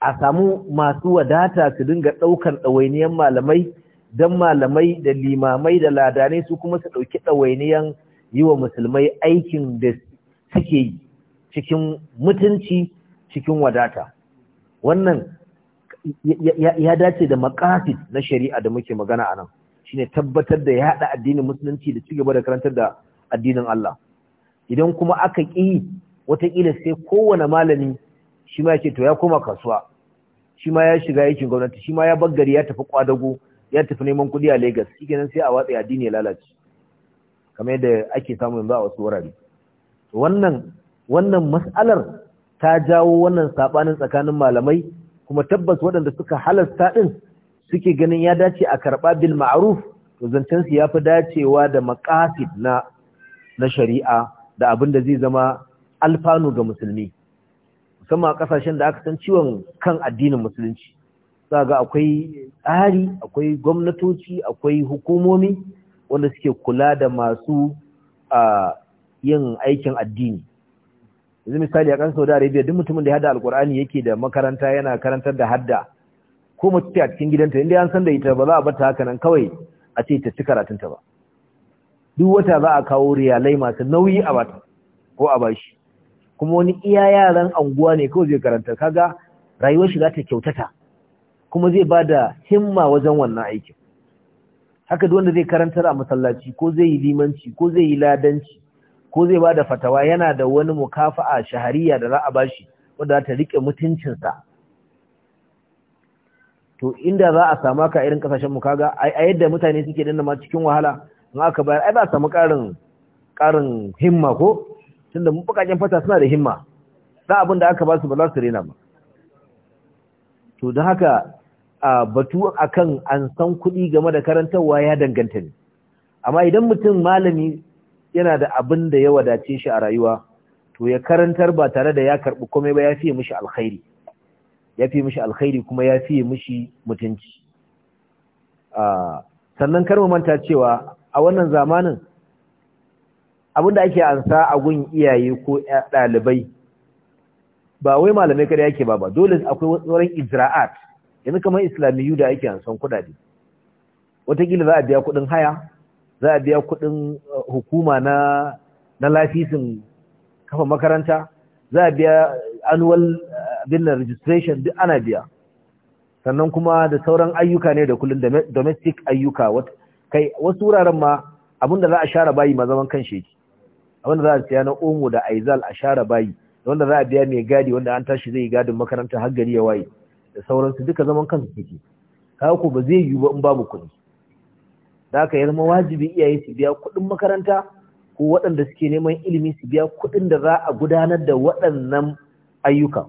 A: a samu masu wadata su dinga ɗaukar ɗawainiyan malamai don malamai da limamai da ladanai su kuma su ɗauki ɗawainiyan yi wa musulmai aikin da suke yi cikin mutunci cikin wadata wannan ya dace da makafi na shari'a da muke magana a nan shine tabbatar da ya haɗa addinin musulunci da cigaba da karantar da addinin Allah idan kuma aka ƙi wataƙila sai kowane malami shi ma ce to ya koma kasuwa shi ma ya shiga aikin gwamnati shi ma ya baggari ya tafi kwadago ya tafi neman kuɗi a Lagos shi kenan sai a watsa addini ya lalace kamar yadda ake samu yanzu a wasu wurare wannan wannan mas'alar ta jawo wannan sabanin tsakanin malamai kuma tabbas waɗanda suka halasta ɗin suke ganin ya dace a karɓa bil ma'ruf to zancen su yafi dacewa da maqasid na na shari'a da abin da zai zama alfanu ga musulmi a kasashen da aka san ciwon kan addinin musulunci za ga akwai tsari akwai gwamnatoci akwai hukumomi wanda suke kula da masu yin aikin addini yanzu misali a kan saudi arabia duk mutumin da ya hada alkur'ani yake da makaranta yana karantar da hadda ko mace a cikin gidanta inda an san da ita ba za a bata haka nan kawai a ce ta ci karatunta ba duk wata za a kawo riyalai masu nauyi a bata ko a bashi kuma wani iya yaran anguwa ne kawai zai karanta kaga rayuwar shi za ta kyautata kuma zai ba da himma wajen wannan aikin haka duk wanda zai karantar a masallaci ko zai yi limanci ko zai yi ladanci ko zai ba da fatawa yana da wani mukafa'a shahariya da za a shi wanda za ta rike mutuncinsa to inda za a samu ka irin kasashen mu kaga a yadda mutane suke danna ma cikin wahala in aka bayar ai ba samu karin karin himma ko tunda mu fata suna da himma da abin da aka ba su ba su rena ba to don haka a batu akan an san kuɗi game da karantarwa ya danganta ne amma idan mutum malami yana da abin da ya wadace shi a rayuwa to ya karantar ba tare da ya karɓi komai ba ya fiye mishi alkhairi ya fiye mishi alkhairi kuma ya fiye mishi mutunci sannan kar mu manta cewa a wannan zamanin Abin da ake ansa a gun iyaye ko ɗalibai ba wai malamai kada yake ba ba dole akwai tsoron ijra'at yanzu kamar islamiyu da ake ansan kuɗaɗe watakila za a biya kuɗin haya za a biya kuɗin uh, hukuma na na kafa makaranta za a biya annual uh, bin registration duk ana biya sannan kuma da sauran ayyuka ne da kullum domestic ayyuka kai wasu wuraren ma da za a share bayi ma zaman kan sheki wanda za a siya na omo da aizal a share bayi da wanda za a biya mai gadi wanda an tashi zai yi gadin makaranta har gari ya waye da sauransu duka zaman kansu suke kawo ko ba zai yiwu ba in babu kuɗi da aka yi zama wajibi iyaye su biya kuɗin makaranta ko waɗanda suke neman ilimi su biya kuɗin da za a gudanar da waɗannan ayyuka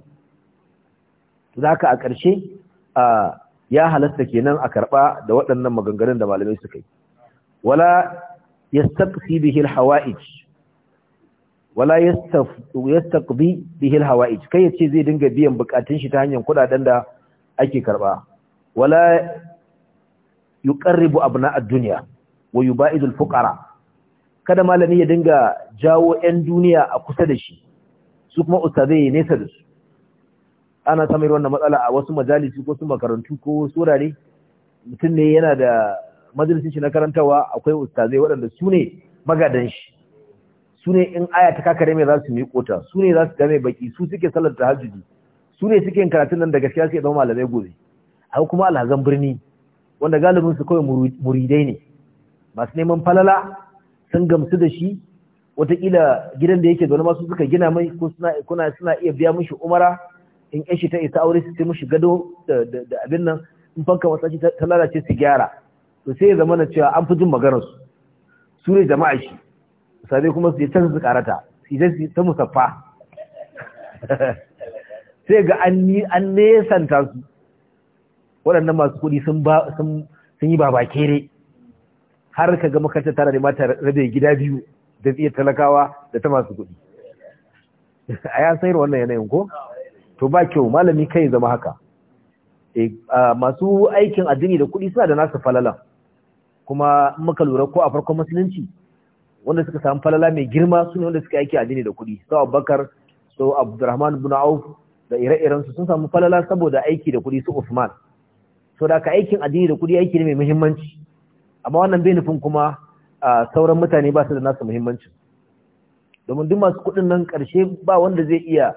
A: za ka a ƙarshe ya halasta kenan a karɓa da waɗannan maganganun da malamai suka yi wala yastaqsi bihi alhawa'ij wala yastaqbi bihi alhawaij kai yace zai dinga biyan bukatun shi ta hanyar kudaden da ake karba wala yuqarribu abna ad-dunya wa yubaidu al-fuqara kada malami ya dinga jawo 'yan duniya a kusa da shi su kuma ustazai nesa da su ana samun wannan matsala a wasu majalisi ko su makarantu ko surare mutum ne yana da majalisin shi na karantawa akwai ustazai waɗanda su ne magadan shi su ne in aya ta kakare mai za su miƙo ta su ne za su game baki su suke sallar tahajjudi su ne suke karatun nan da gaskiya suke zama malamai gobe akwai kuma alhazan birni wanda galibin su kawai muridai ne masu neman falala sun gamsu da shi wataƙila gidan da yake zaune masu suka gina mai ko suna iya biya mishi umara in shi ta isa aure su sai mishi gado da abin nan in fanka masashi ta lalace su gyara to sai ya zama na cewa an fi jin maganar su su ne jama'a shi sabe kuma su yi can su karata su je ta musaffa sai ga an nesanta su waɗannan masu kuɗi sun yi baba kere har ka ga makarta tana da mata rabe gida biyu da iya talakawa da ta masu kuɗi a ya sayar wannan yanayin ko to ba kyau malami kai zama haka eh, masu aikin addini da kuɗi suna da nasu falala kuma muka lura ko a farkon musulunci wanda suka samu falala mai girma su ne wanda suka aiki addini da kuɗi sau abubakar sau abdurrahman bin auf da ire-iren su sun samu falala saboda aiki da kuɗi su usman sau da ka aikin addini da kuɗi aiki ne mai muhimmanci amma wannan bai nufin kuma sauran mutane ba su da nasu muhimmanci domin duk masu kuɗin nan ƙarshe ba wanda zai iya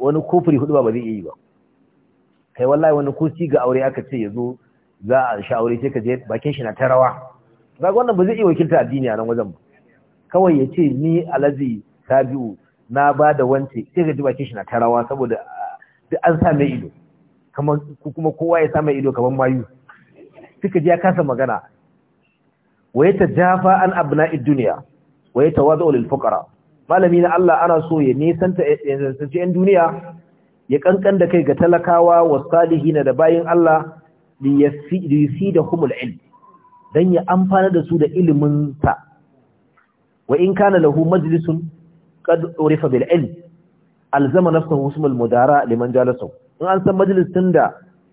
A: wani kofuri hudu ba ba zai iya yi ba kai wallahi wani kosi ga aure aka ce ya zo za a sha aure sai ka je bakin shi na ta rawa kaga wannan ba zai iya wakilta addini a nan wajen ba kawai ya ce ni alazi sabiu na ba da wance sai ga bakin shi na tarawa saboda ah, duk an sa mai ido kuma kowa ya sa mai ido kamar mayu suka ji ya kasa magana waye ta jafa an abna iduniya waye ya wazo lil fuqara malami na Allah ana so ya nisanta yanzu yan duniya ya kankan da kai ga talakawa wa na da bayin Allah li yasidu da humul ilm dan ya amfana da su da ilimin sa wa in kana lahu majlisun qad urifa bil ilm alzama nafsahu husm al mudara liman jalasahu in an san majlisin da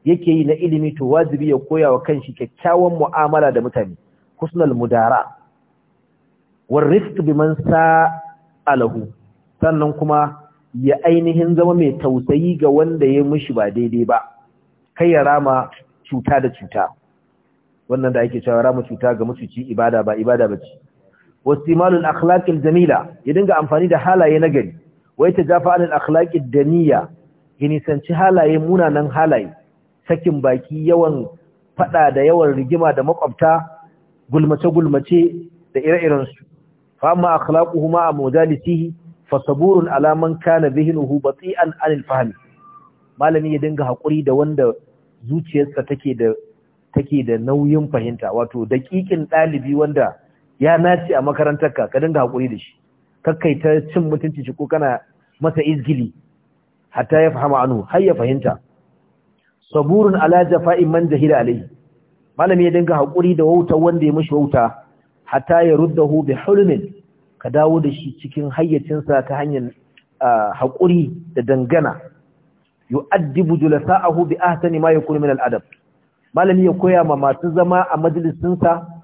A: yake yi na ilimi to wajibi ya koya wa kanshi kyakkyawan mu'amala da mutane husnal mudara war rifq biman sa'alahu sannan kuma ya ainihin zama mai tausayi ga wanda ya mishi ba daidai ba kai ya rama cuta da cuta wannan da ake cewa rama cuta ga mutuci ibada ba ibada bace wastimalul akhlaqil jamila ya dinga amfani da halaye na gari wai tajafa anil akhlaqid daniya ya nisanci halaye munanan halaye sakin baki yawan fada da yawan rigima da makwabta gulmace gulmace da ire-iren su fa amma akhlaquhuma mujalisihi fa saburun ala man kana bihinuhu bati'an anil fahmi malami ya dinga hakuri da wanda zuciyarsa take da take da nauyin fahimta wato daƙiƙin ɗalibi wanda ya naci a makarantar ka ka dinga hakuri da shi kakkai ta cin mutunci shi ko kana masa izgili hatta ya fahama anhu har ya fahimta saburun ala jafa'i man jahila alai malami ya dinga hakuri da wauta wanda ya mishi wauta hatta ya ruddahu bi hulmin ka dawo da shi cikin hayyacinsa ta hanyar hakuri da dangana yu'addibu julasa'ahu bi ahsani ma yakunu min al-adab malami ya koya ma masu zama a majalisinsa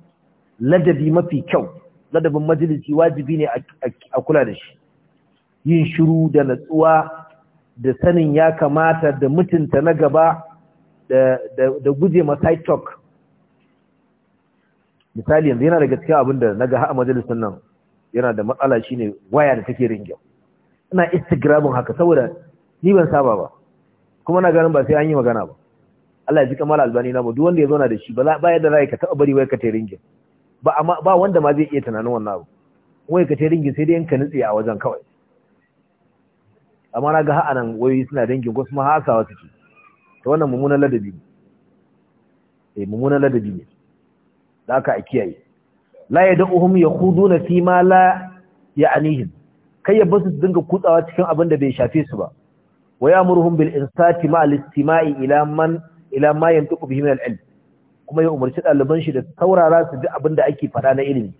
A: ladabi mafi kyau ladabin majalisi wajibi ne a kula da shi yin shiru da natsuwa da sanin ya kamata da mutunta na gaba da guje ma side talk misali yanzu yana daga cikin abin da na ga a majalisun nan yana da matsala shine waya da take ringyau ina instagramin haka saboda ni ban saba ba kuma na ganin ba sai an yi magana ba Allah ya ji kamar albani na ba duk wanda ya zauna da shi ba ba yadda za ka taɓa bari wai ka ta ringin ba ba wanda ma zai iya tunanin wannan abu wai ka ce ringin sai dai yanka nutse a wajen kawai amma na ga ha'anan wayoyi suna dangin wasu ma hasawa suke ta wannan mummunan ladabi ne eh mummunan ladabi ne da aka a kiyaye la yad'uhum yakhuduna fi ma la ya'nihim kai ya basu dinga kutsawa cikin abin da bai shafe su ba wa ya'muruhum bil insati ma al istima'i ila man ila ma yantiqu bihi min al ilm kuma ya umarci ɗaliban shi da saurara su ji abin da ake faɗa na ilimi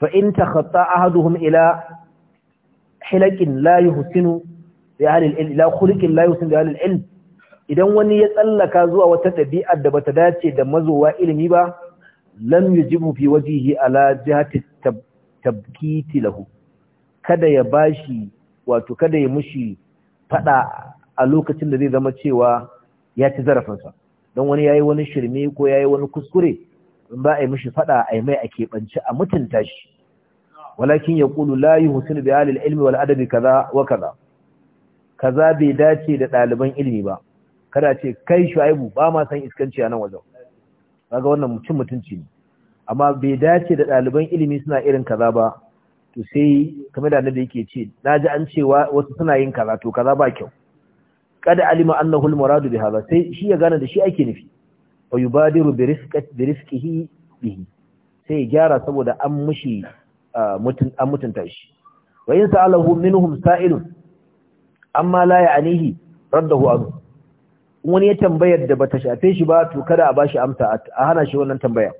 A: fa in takhatta ahaduhum ila hilakin la yuhsinu bi ahli al-ilm ila khuluqin la yuhsinu bi ahli al-ilm idan wani ya tsallaka zuwa wata ɗabi'ar da bata dace da mazowa ilimi ba lam yujibu fi wajhihi ala jihati tabkiti lahu kada ya bashi wato kada ya mushi fada a lokacin da zai zama cewa ya ci zarafinsa don wani yayi wani shirme ko yayi wani kuskure in ba a yi mishi fada a yi mai a keɓance a mutunta shi walakin ya kulu la yuhsinu bi halil ilmi wal adabi kaza wa kaza kaza bai dace da ɗaliban ilimi ba kada ce kai shu'aibu ba ma san iskanci a nan wajen kaga wannan mutum mutunci ne amma bai dace da ɗaliban ilimi suna irin kaza ba to sai kamar da yake ce na ji an cewa wasu suna yin kaza to kaza ba kyau Kada alima annahu muradu bi hadha sai shi ya gane da shi ake nufi fa yubadiru bi rizqati bi rizqihi bihi sai ya gyara saboda an mushi mutun an mutunta shi wa in sa'alahu minhum sa'ilun amma la ya'nihi raddahu anhu wani ya tambayar da bata shafe shi ba to kada a bashi amsa a hana shi wannan tambaya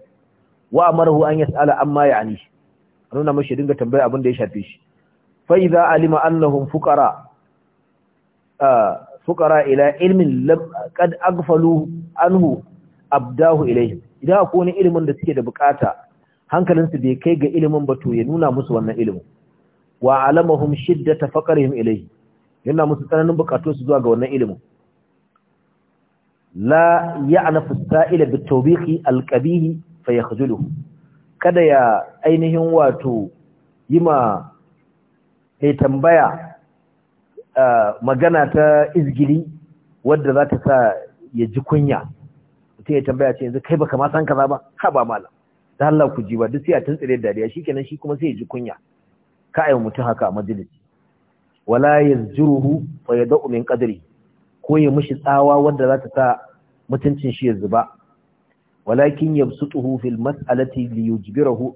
A: wa amarahu an yas'ala amma ya'ni shi nuna mashi dinga tambaya abin da ya shafe shi fa idza alima annahum fuqara fuqara ila ilmin qad anhu abdahu ilayhim idan akwai wani ilimin da suke da bukata hankalinsu bai kai ga ilimin ba to ya nuna musu wannan ilimin wa alamahum shiddata faqrihim ilayhi yana musu tsananin bukatu su zuwa ga wannan ilimin la ya'nafu sa'ila bitawbihi alqabihi fayakhjuluhu kada ya ainihin wato yima mai tambaya magana ta izgiri wadda za ta sa ya ji kunya mutum ya tambaya ce yanzu kai baka ma san kaza ba ha ba mala da Allah ku ji ba duk sai a tuntsire dariya shikenan shi kuma sai ya ji kunya ka ayi mutum haka a majalisi wala yazjuruhu fa yad'u min qadri ko ya mishi tsawa wanda za ta sa mutuncin shi ya zuba walakin yabsutuhu fil mas'alati li yujbirahu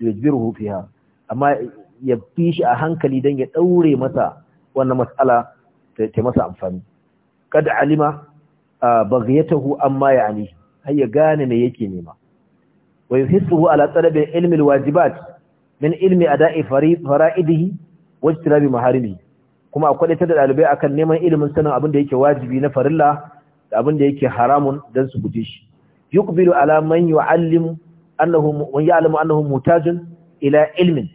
A: yujbirahu fiha amma ya fi shi a hankali dan ya daure masa wannan matsala ta masa amfani kada alima baghiyatahu amma ya'ni har ya gane me yake nema wa yuhisuhu ala talabi ilmi alwajibat min ilmi ada'i fara'idihi wa ijtinabi maharimihi kuma akwai ta da dalibai akan neman ilimin sanin abin da yake wajibi na farilla da abin da yake haramun dan su guje shi yuqbilu ala man yu'allimu annahu ya'lamu annahu mutajun ila ilmin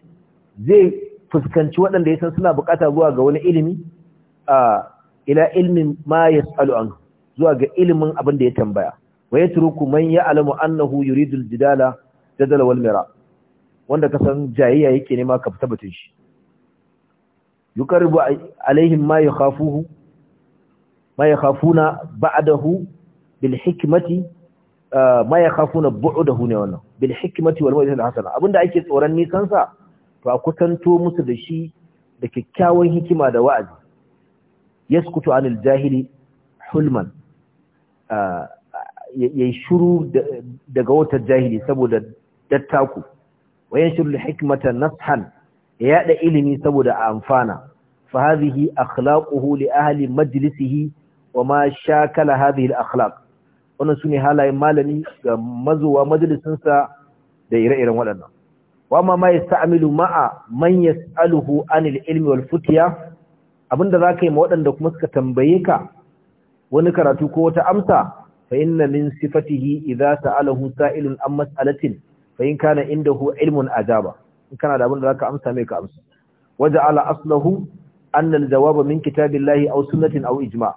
A: zai fuskanci waɗanda ya san suna bukata zuwa ga wani ilimi a ila ilmin ma yasalu an zuwa ga ilimin abin da ya tambaya Waye turuku man Alamu, annahu yuridu al-jidala jadala wal mira wanda ka san jayayya yake nema ka fita batun shi yuqarribu alaihim ma yakhafuhu ma yakhafuna ba'dahu bil hikmati ma yakhafuna bu'dahu ne wannan bil hikmati wal mawdhi al hasana abinda ake tsoron nisan sa to a kusanto musu da shi da kyakkyawan hikima da wa'azi yaskutu anil jahili hulman ya shuru daga wata jahili saboda dattaku wayan shuru hikimata nashan ya yada ilimi saboda amfana fa hazihi akhlaquhu li ahli majlisihi wa ma shakala hazihi al akhlaq wannan sune halayen malami ga mazuwa majalisinsa da ire-iren waɗannan wama ma yasta'milu ma'a man yas'aluhu anil ilmi wal futiya abinda zaka yi ma waɗanda kuma suka tambaye ka wani karatu ko wata amsa fa inna min sifatihi idza sa'alahu sa'ilun an mas'alatin fa in kana indahu ilmun ajaba in kana da abinda zaka amsa mai ka amsa waja'ala aslahu anna al jawaba min kitabillahi aw sunnatin aw ijma'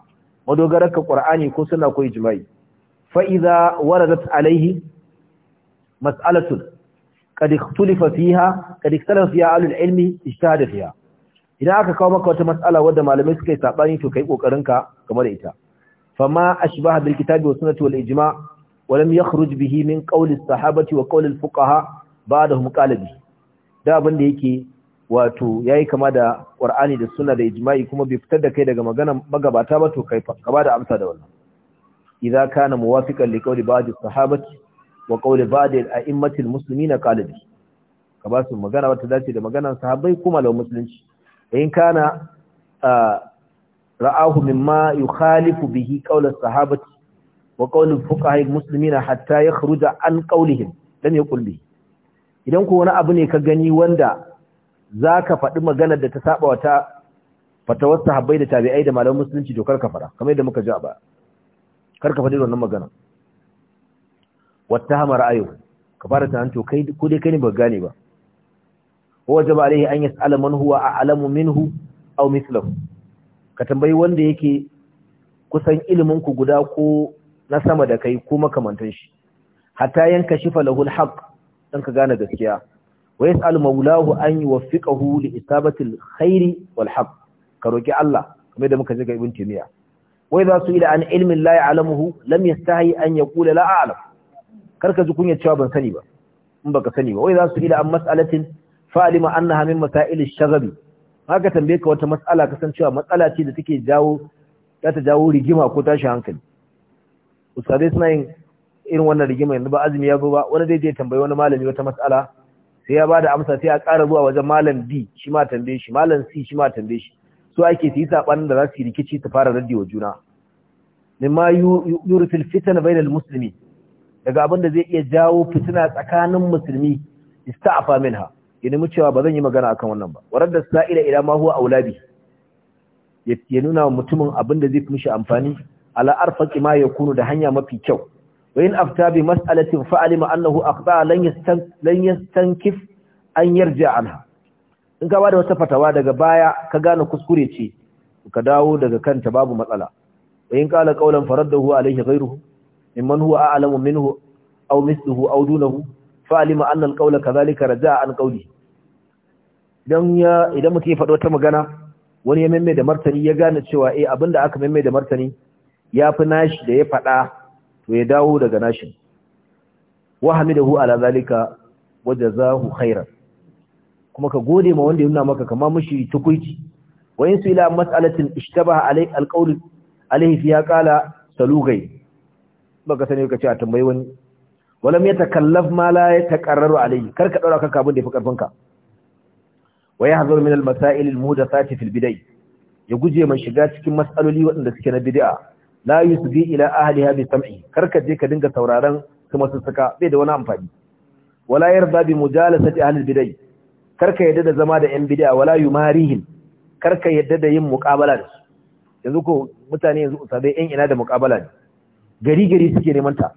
A: madogararka qur'ani ko sunna ko ijma'i fa idza waradat alayhi mas'alatun qad ikhtalafa fiha qad ikhtalafa fiha ahlul ilmi ijtihada fiha idan aka kawo maka wata mas'ala wadda malamai suka yi sabani to kai kokarin ka game da ita fama ashbaha bil kitabi wa sunnati wal ijma' wa lam yakhruj bihi min qawli sahabati wa qawli al-fuqaha ba'dahum qalabi da abin da yake wato yayi kama da qur'ani da sunna da ijma'i kuma bai fitar da kai daga magana magabata ba to kai ka bada amsa da wannan idza kana muwafiqan li qawli ba'd sahabati wa qawli ba'd al-a'immatil muslimina qala bi ka ba su magana wata dace da maganar sahabbai kuma law musulunci in kana ra'ahu mimma yukhalifu bihi qawl as-sahabati wa qawl fuqaha'i muslimina hatta yakhruja an qawlihim dan ya kulli idan ko wani abu ne ka gani wanda zaka faɗi magana da ta saba wata fatawar sahabbai da tabi'ai da malaman musulunci dokar ka fara kamar yadda muka ji a baya kar ka faɗi wannan magana wata hamar ayo ka fara ta hanto kai ko dai kai ne ba gane ba waje ba alaihi an yas'ala man huwa a'lamu minhu aw mithluhu ka tambayi wanda yake kusan ilimin ku guda ko na sama da kai ko makamantan shi hatta yanka shi lahul haqq dan ka gane gaskiya wa yas'alu maulahu an yuwaffiqahu li isabati alkhairi wal haqq ka roki Allah kamar da muka ji ga miya. Wai wa idha su'ila an ilmin la ya'lamuhu lam yastahi an yaqula la a'lam kar ka ji kunya cewa ban sani ba in baka sani ba wai za su ila an mas'alatin fa'alima annaha min masail ash-shaghabi haka tambaye ka wata mas'ala kasancewa matsala ce da take jawo za ta jawo rigima ko tashi hankali ustadai suna yin irin wannan rigima yanzu ba azumi ya zo ba wani zai je tambayi wani malami wata mas'ala sai ya bada amsa sai a ƙara zuwa wajen malam B shi ma tambaye shi malam C shi ma tambaye shi so ake su yi saɓanin da za su yi rikici su fara raddi wa juna mimma yurfil fitan bainal muslimin daga abin da zai iya jawo fitina tsakanin musulmi ista'afa minha ya nemi cewa ba zan yi magana akan wannan ba warar da sa'ila ila ma huwa aulabi ya nuna mutumin abin da zai fi mishi amfani ala arfaqi ma yakunu da hanya mafi kyau wa in afta bi mas'alatin fa alima annahu aqda lan yastan lan yastankif an yarja anha in ka bada wata fatawa daga baya ka gane kuskure ce ka dawo daga kanta babu matsala wa in qala qawlan faraddahu alayhi ghayruhu mimman huwa a'lamu minhu aw mithluhu aw dunahu fa alima anna al-qawla kadhalika raja'a an qawli idan ya idan muke fado ta magana wani ya memme da martani ya gane cewa eh abinda aka memme da martani ya fi nashi da ya faɗa to ya dawo daga nashin wa hamidahu ala zalika wa jazahu khairan kuma ka gode ma wanda ya nuna maka kama mushi tukuici wa in su ila mas'alatin ishtabaha alayhi alqawl alayhi fiya qala salugai baka sani ka ce a tambayi wani walam yatakallaf ma la yataqarraru alayhi kar ka daura kanka abin da yafi karfin ka wa yahzur min al masail al muhdathati fil bidai ya guje man shiga cikin mas'aloli waɗanda suke na bid'a la yusbi ila ahliha bi sam'i kar ka je ka dinga sauraron su masu suka bai da wani amfani wala yarda bi mujalasati ahli al bidai kar ka yadda da zama da yan bid'a wala yumarihim kar ka yadda da yin muqabala da su yanzu ko mutane yanzu usabe yan ina da muqabala gari gari suke neman ta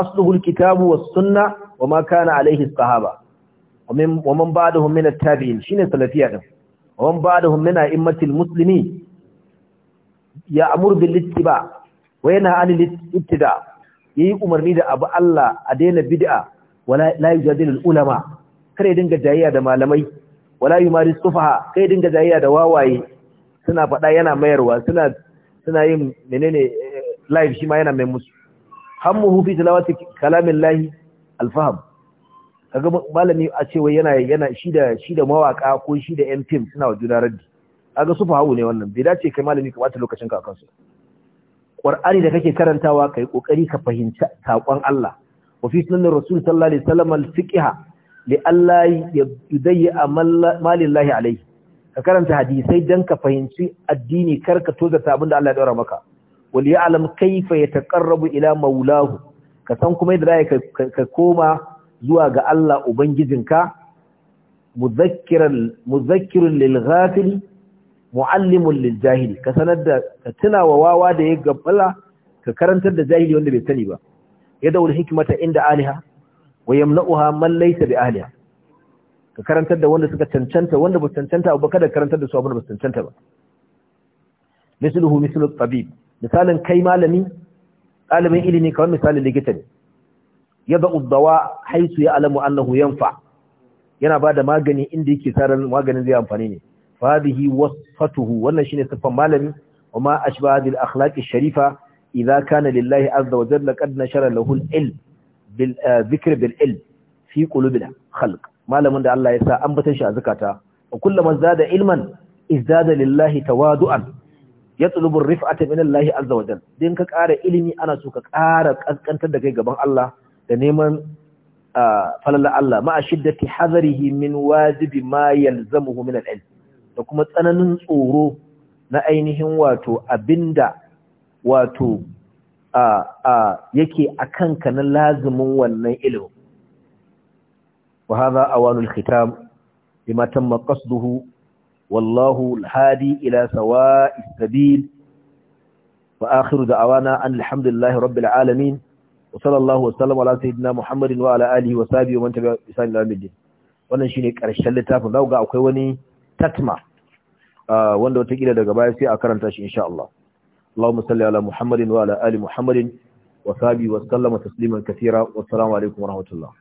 A: asluhul kitabu was sunna wa ma kana alaihi sahaba wa man ba'dahum min at-tabi'in shine salafiya din wa man ba'dahum min a'immatil muslimi ya amuru bil ittiba wa yana anil ittida yayi umarni da abu Allah a daina bid'a wala la yujadilu ulama kare dinga jayayya da malamai wala yumari sufaha kare dinga jayayya da wawaye suna faɗa yana mayarwa suna suna yin menene live shi ma yana mai musu hammuhu fi tilawati kalamillahi alfaham kaga malami a cewa yana yana shi da shi da mawaka ko shi da yan fim suna wa juna raddi kaga su fahawu ne wannan bai dace kai malami ka bata lokacin ka kansu qur'ani da kake karantawa kai kokari ka fahimci sakon Allah wa fi sunnar rasul sallallahu alaihi wasallam al-fiqha li alla yudayyi malillahi alaihi ka karanta hadisai dan ka fahimci addini kar ka tozata abin da Allah ya daura maka wal ya'lam kayfa yataqarrabu ila maulahu ka san kuma yadda zai ka koma zuwa ga Allah ubangijinka mudhakkiran mudhakkirun lil ghafil muallimun lil jahili ka sanar da ka tuna wa wawa da ya gabbala ka karantar da jahili wanda bai sani ba yadawul hikmata inda aliha wa yamna'uha man laysa bi ahliha ka karantar da wanda suka cancanta wanda ba cancanta ba kada karantar da su abun da ba cancanta ba misluhu mislu tabib misalin kai malami ɗalibin ilimi kamar misalin likita ne ya da haisu ya alamu annahu yanfa yana ba da magani inda yake tsarin maganin zai amfani ne fadihi wasfatuhu wannan shine siffan malami وما أشبه هذه الأخلاق الشريفة إذا كان لله عز وجل لقد نشر له العلم بالذكر بالعلم في قلوب الخلق ما لم الله يسا أنبتن a زكاتا وكلما ازداد ilman ازداد lillahi تواضعا yatlubu rif'ata min Allah azza wa jal din ka ƙara ilimi ana so ka ƙara ƙanƙantar da kai gaban Allah da neman falalla Allah ma'a shiddati hazarihi min wajibi ma yalzamuhu min al-ilm da kuma tsananin tsoro na ainihin wato abinda wato a a yake akan ka na lazimin wannan ilimin wa hadha awanul khitam bima tamma qasduhu wallahu alhadi ila sawa'is sabil wa akhiru da'awana an alhamdulillahi rabbil alamin wa sallallahu wa sallam ala sayyidina muhammadin wa alihi wa sahbihi wa man wannan shine karshen littafin zaka akwai wani tatma wanda wata kila daga baya sai a karanta shi insha Allah Allahumma salli ala muhammadin wa ala ali muhammadin وصحبه وسلم تسليما كثيرا والسلام alaikum ورحمة الله